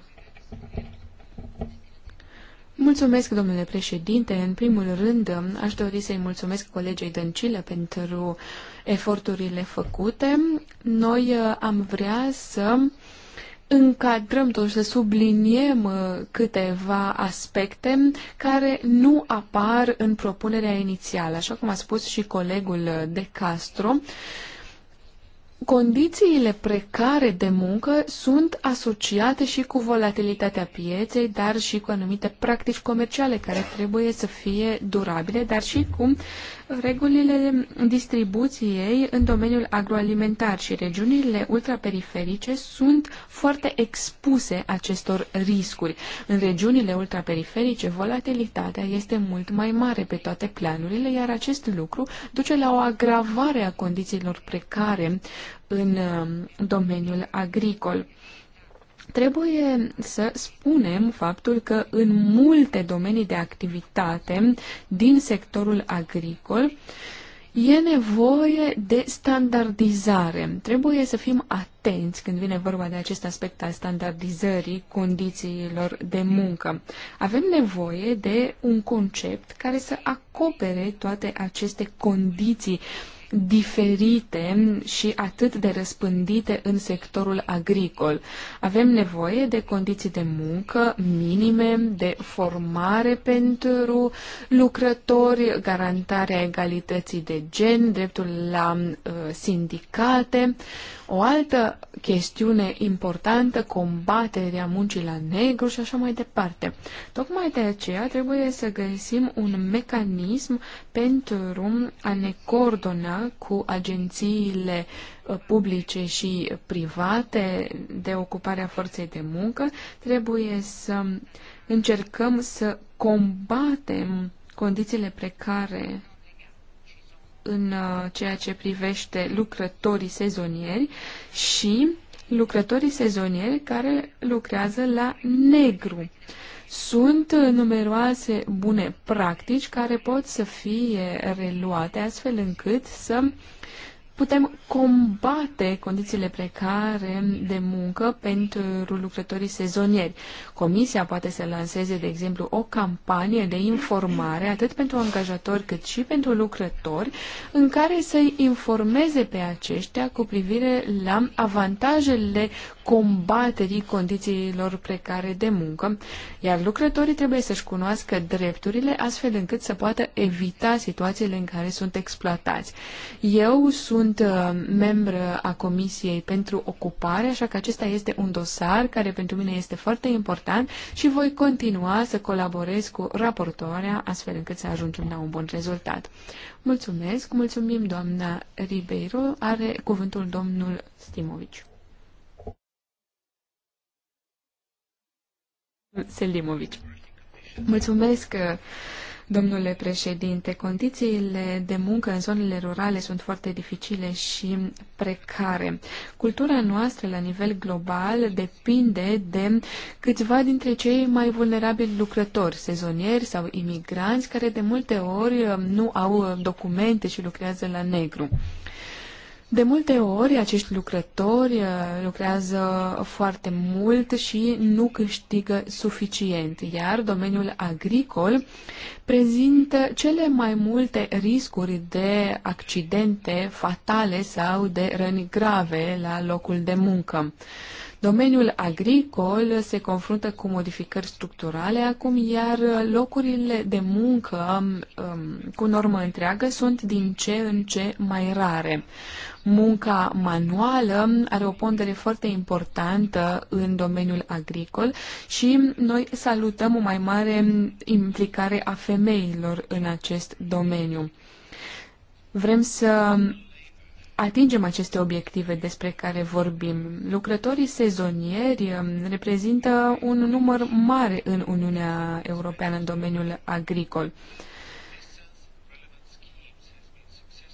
Mulțumesc, domnule președinte. În primul rând, aș dori să-i mulțumesc colegei Dăncilă pentru uh, eforturile făcute. Noi uh, am vrea să încadrăm, totuși să subliniem uh, câteva aspecte care nu apar în propunerea inițială, așa cum a spus și colegul uh, de Castro. Condițiile precare de muncă sunt asociate și cu volatilitatea pieței, dar și cu anumite practici comerciale care trebuie să fie durabile, dar și cu Regulile distribuției în domeniul agroalimentar și regiunile ultraperiferice sunt foarte expuse acestor riscuri. În regiunile ultraperiferice, volatilitatea este mult mai mare pe toate planurile, iar acest lucru duce la o agravare a condițiilor precare în um, domeniul agricol. Trebuie să spunem faptul că în multe domenii de activitate din sectorul agricol e nevoie de standardizare. Trebuie să fim atenți când vine vorba de acest aspect al standardizării condițiilor de muncă. Avem nevoie de un concept care să acopere toate aceste condiții diferite și atât de răspândite în sectorul agricol. Avem nevoie de condiții de muncă minime, de formare pentru lucrători, garantarea egalității de gen, dreptul la uh, sindicate, o altă chestiune importantă, combaterea muncii la negru și așa mai departe. Tocmai de aceea trebuie să găsim un mecanism pentru a ne coordona cu agențiile uh, publice și private de ocupare a forței de muncă. Trebuie să încercăm să combatem condițiile precare în uh, ceea ce privește lucrătorii sezonieri și lucrătorii sezonieri care lucrează la negru. Sunt uh, numeroase bune practici care pot să fie reluate astfel încât să uh, putem combate condițiile precare de muncă pentru lucrătorii sezonieri. Comisia poate să lanseze, de exemplu, o campanie de informare atât pentru angajatori cât și pentru lucrători în care să-i informeze pe aceștia cu privire la avantajele combaterii condițiilor precare de muncă, iar lucrătorii trebuie să-și cunoască drepturile astfel încât să poată evita situațiile în care sunt exploatați. Eu sunt uh, membră a Comisiei pentru Ocupare, așa că acesta este un dosar care pentru mine este foarte important și voi continua să colaborez cu raportoarea astfel încât să ajungem la un bun rezultat. Mulțumesc, mulțumim doamna Ribeiro, are cuvântul domnul Stimovici. Selimovici. Mulțumesc, domnule președinte. Condițiile de muncă în zonele rurale sunt foarte dificile și precare. Cultura noastră la nivel global depinde de câțiva dintre cei mai vulnerabili lucrători, sezonieri sau imigranți, care de multe ori nu au documente și lucrează la negru. De multe ori acești lucrători uh, lucrează foarte mult și nu câștigă suficient, iar domeniul agricol prezintă cele mai multe riscuri de accidente fatale sau de răni grave la locul de muncă. Domeniul agricol se confruntă cu modificări structurale acum, iar locurile de muncă um, um, cu normă întreagă sunt din ce în ce mai rare. Munca manuală are o pondere foarte importantă în domeniul agricol și noi salutăm o mai mare implicare a femeilor în acest domeniu. Vrem să atingem aceste obiective despre care vorbim. Lucrătorii sezonieri um, reprezintă un număr mare în Uniunea Europeană în domeniul agricol.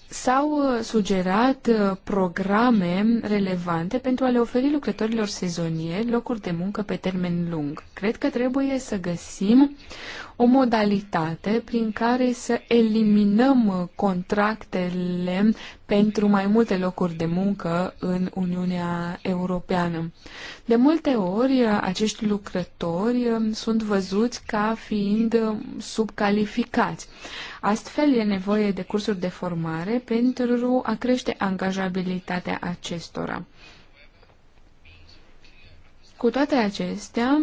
S-au uh, sugerat uh, programe relevante pentru a le oferi lucrătorilor sezonieri locuri de muncă pe termen lung. Cred că trebuie să găsim o modalitate prin care să eliminăm contractele pentru mai multe locuri de muncă în Uniunea Europeană. De multe ori, acești lucrători sunt văzuți ca fiind subcalificați. Astfel, e nevoie de cursuri de formare pentru a crește angajabilitatea acestora. Cu toate acestea,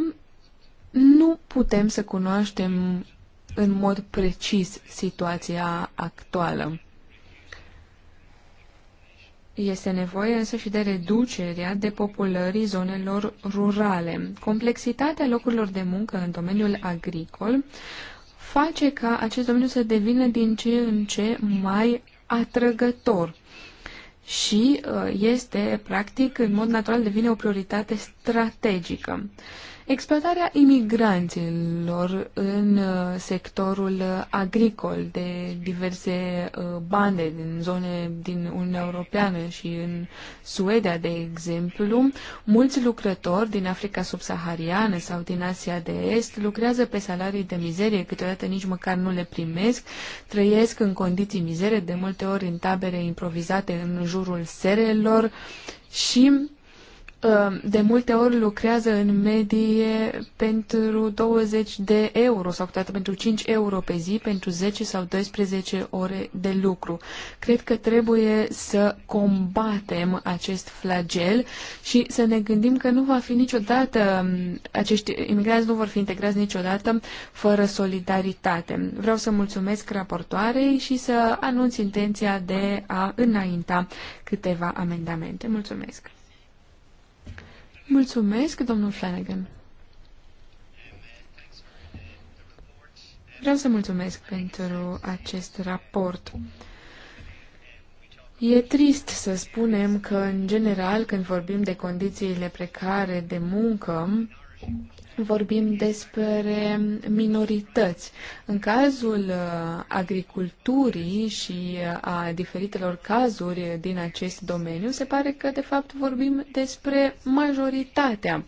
nu putem să cunoaștem în mod precis situația actuală. Este nevoie însă și de reducerea depopulării zonelor rurale. Complexitatea locurilor de muncă în domeniul agricol face ca acest domeniu să devină din ce în ce mai atrăgător și uh, este, practic, în mod natural devine o prioritate strategică. Exploatarea imigranților în uh, sectorul uh, agricol de diverse uh, bande din zone din Uniunea Europeană și în Suedia, de exemplu, mulți lucrători din Africa subsahariană sau din Asia de Est lucrează pe salarii de mizerie, câteodată nici măcar nu le primesc, trăiesc în condiții mizere, de multe ori în tabere improvizate în jurul serelor și Uh, de multe ori lucrează în medie pentru 20 de euro sau câteodată pentru 5 euro pe zi, pentru 10 sau 12 ore de lucru. Cred că trebuie să combatem acest flagel și să ne gândim că nu va fi niciodată, um, acești imigranți nu vor fi integrați niciodată fără solidaritate. Vreau să mulțumesc raportoarei și să anunț intenția de a înainta câteva amendamente. Mulțumesc! Mulțumesc, domnul Flanagan. Vreau să mulțumesc pentru acest raport. E trist să spunem că, în general, când vorbim de condițiile precare de muncă, vorbim despre minorități. În cazul uh, agriculturii și uh, a diferitelor cazuri din acest domeniu, se pare că, de fapt, vorbim despre majoritatea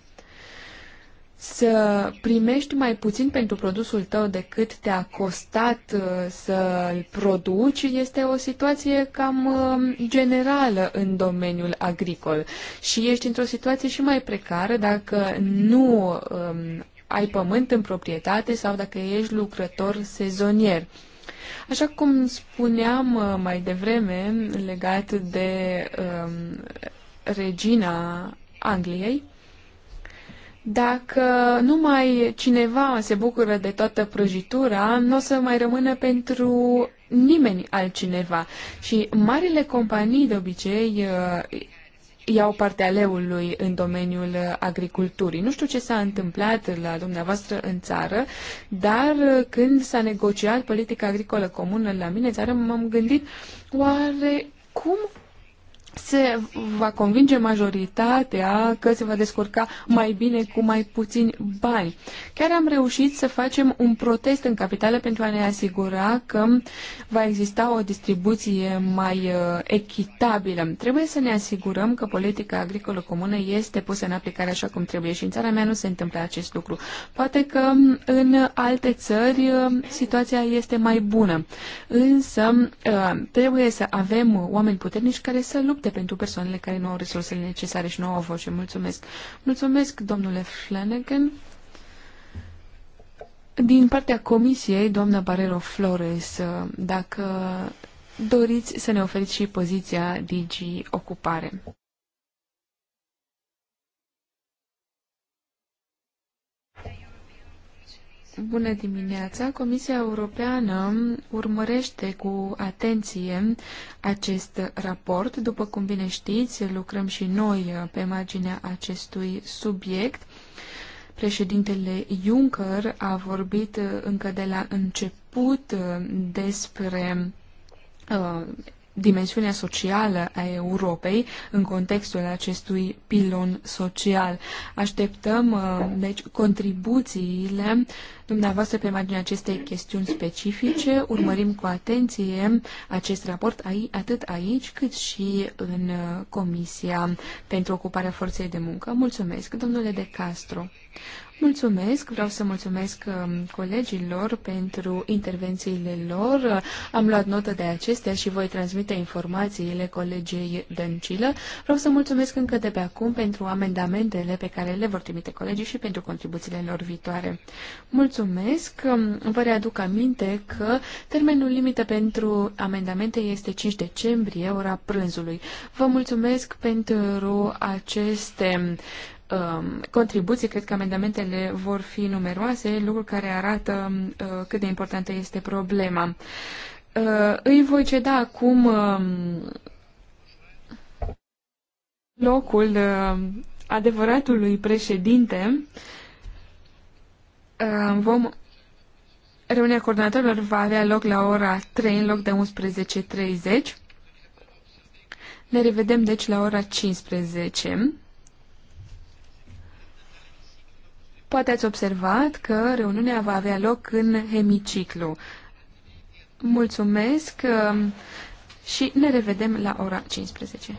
să primești mai puțin pentru produsul tău decât te-a costat uh, să-l produci este o situație cam uh, generală în domeniul agricol și ești într-o situație și mai precară dacă nu um, ai pământ în proprietate sau dacă ești lucrător sezonier. Așa cum spuneam uh, mai devreme legat de um, regina Angliei, dacă numai cineva se bucură de toată prăjitura, nu o să mai rămână pentru nimeni altcineva. Și marile companii, de obicei, uh, iau partea leului în domeniul agriculturii. Nu știu ce s-a întâmplat la dumneavoastră în țară, dar când s-a negociat politica agricolă comună la mine în țară, m-am gândit oare cum se va convinge majoritatea că se va descurca mai bine cu mai puțini bani. Chiar am reușit să facem un protest în capitală pentru a ne asigura că va exista o distribuție mai uh, echitabilă. Trebuie să ne asigurăm că politica agricolă comună este pusă în aplicare așa cum trebuie și în țara mea nu se întâmplă acest lucru. Poate că în alte țări uh, situația este mai bună, însă uh, trebuie să avem oameni puternici care să lupte lupte pentru persoanele care nu au resursele necesare și nu au voce. Mulțumesc. Mulțumesc, domnule Flanagan. Din partea comisiei, doamna Barero Flores, dacă doriți să ne oferiți și poziția DG Ocupare. Bună dimineața! Comisia Europeană urmărește cu atenție acest raport. După cum bine știți, lucrăm și noi pe marginea acestui subiect. Președintele Juncker a vorbit încă de la început despre uh, dimensiunea socială a Europei în contextul acestui pilon social. Așteptăm, uh, deci, contribuțiile dumneavoastră pe marginea acestei chestiuni specifice. Urmărim cu atenție acest raport atât aici cât și în uh, Comisia pentru Ocuparea Forței de Muncă. Mulțumesc, domnule De Castro. Mulțumesc, vreau să mulțumesc um, colegilor pentru intervențiile lor. Am luat notă de acestea și voi transmite informațiile colegii Dăncilă. Vreau să mulțumesc încă de pe acum pentru amendamentele pe care le vor trimite colegii și pentru contribuțiile lor viitoare. Mulțumesc, um, vă readuc aminte că termenul limită pentru amendamente este 5 decembrie, ora prânzului. Vă mulțumesc pentru aceste um, contribuții. Cred că amendamentele vor fi numeroase, lucruri care arată um, uh, cât de importantă este problema. Uh, îi voi ceda acum uh, locul uh, adevăratului președinte. Uh, vom Reunia coordonatorilor va avea loc la ora 3 în loc de 11.30. Ne revedem deci la ora 15. Poate ați observat că reuniunea va avea loc în hemiciclu. Mulțumesc um, și ne revedem la ora 15.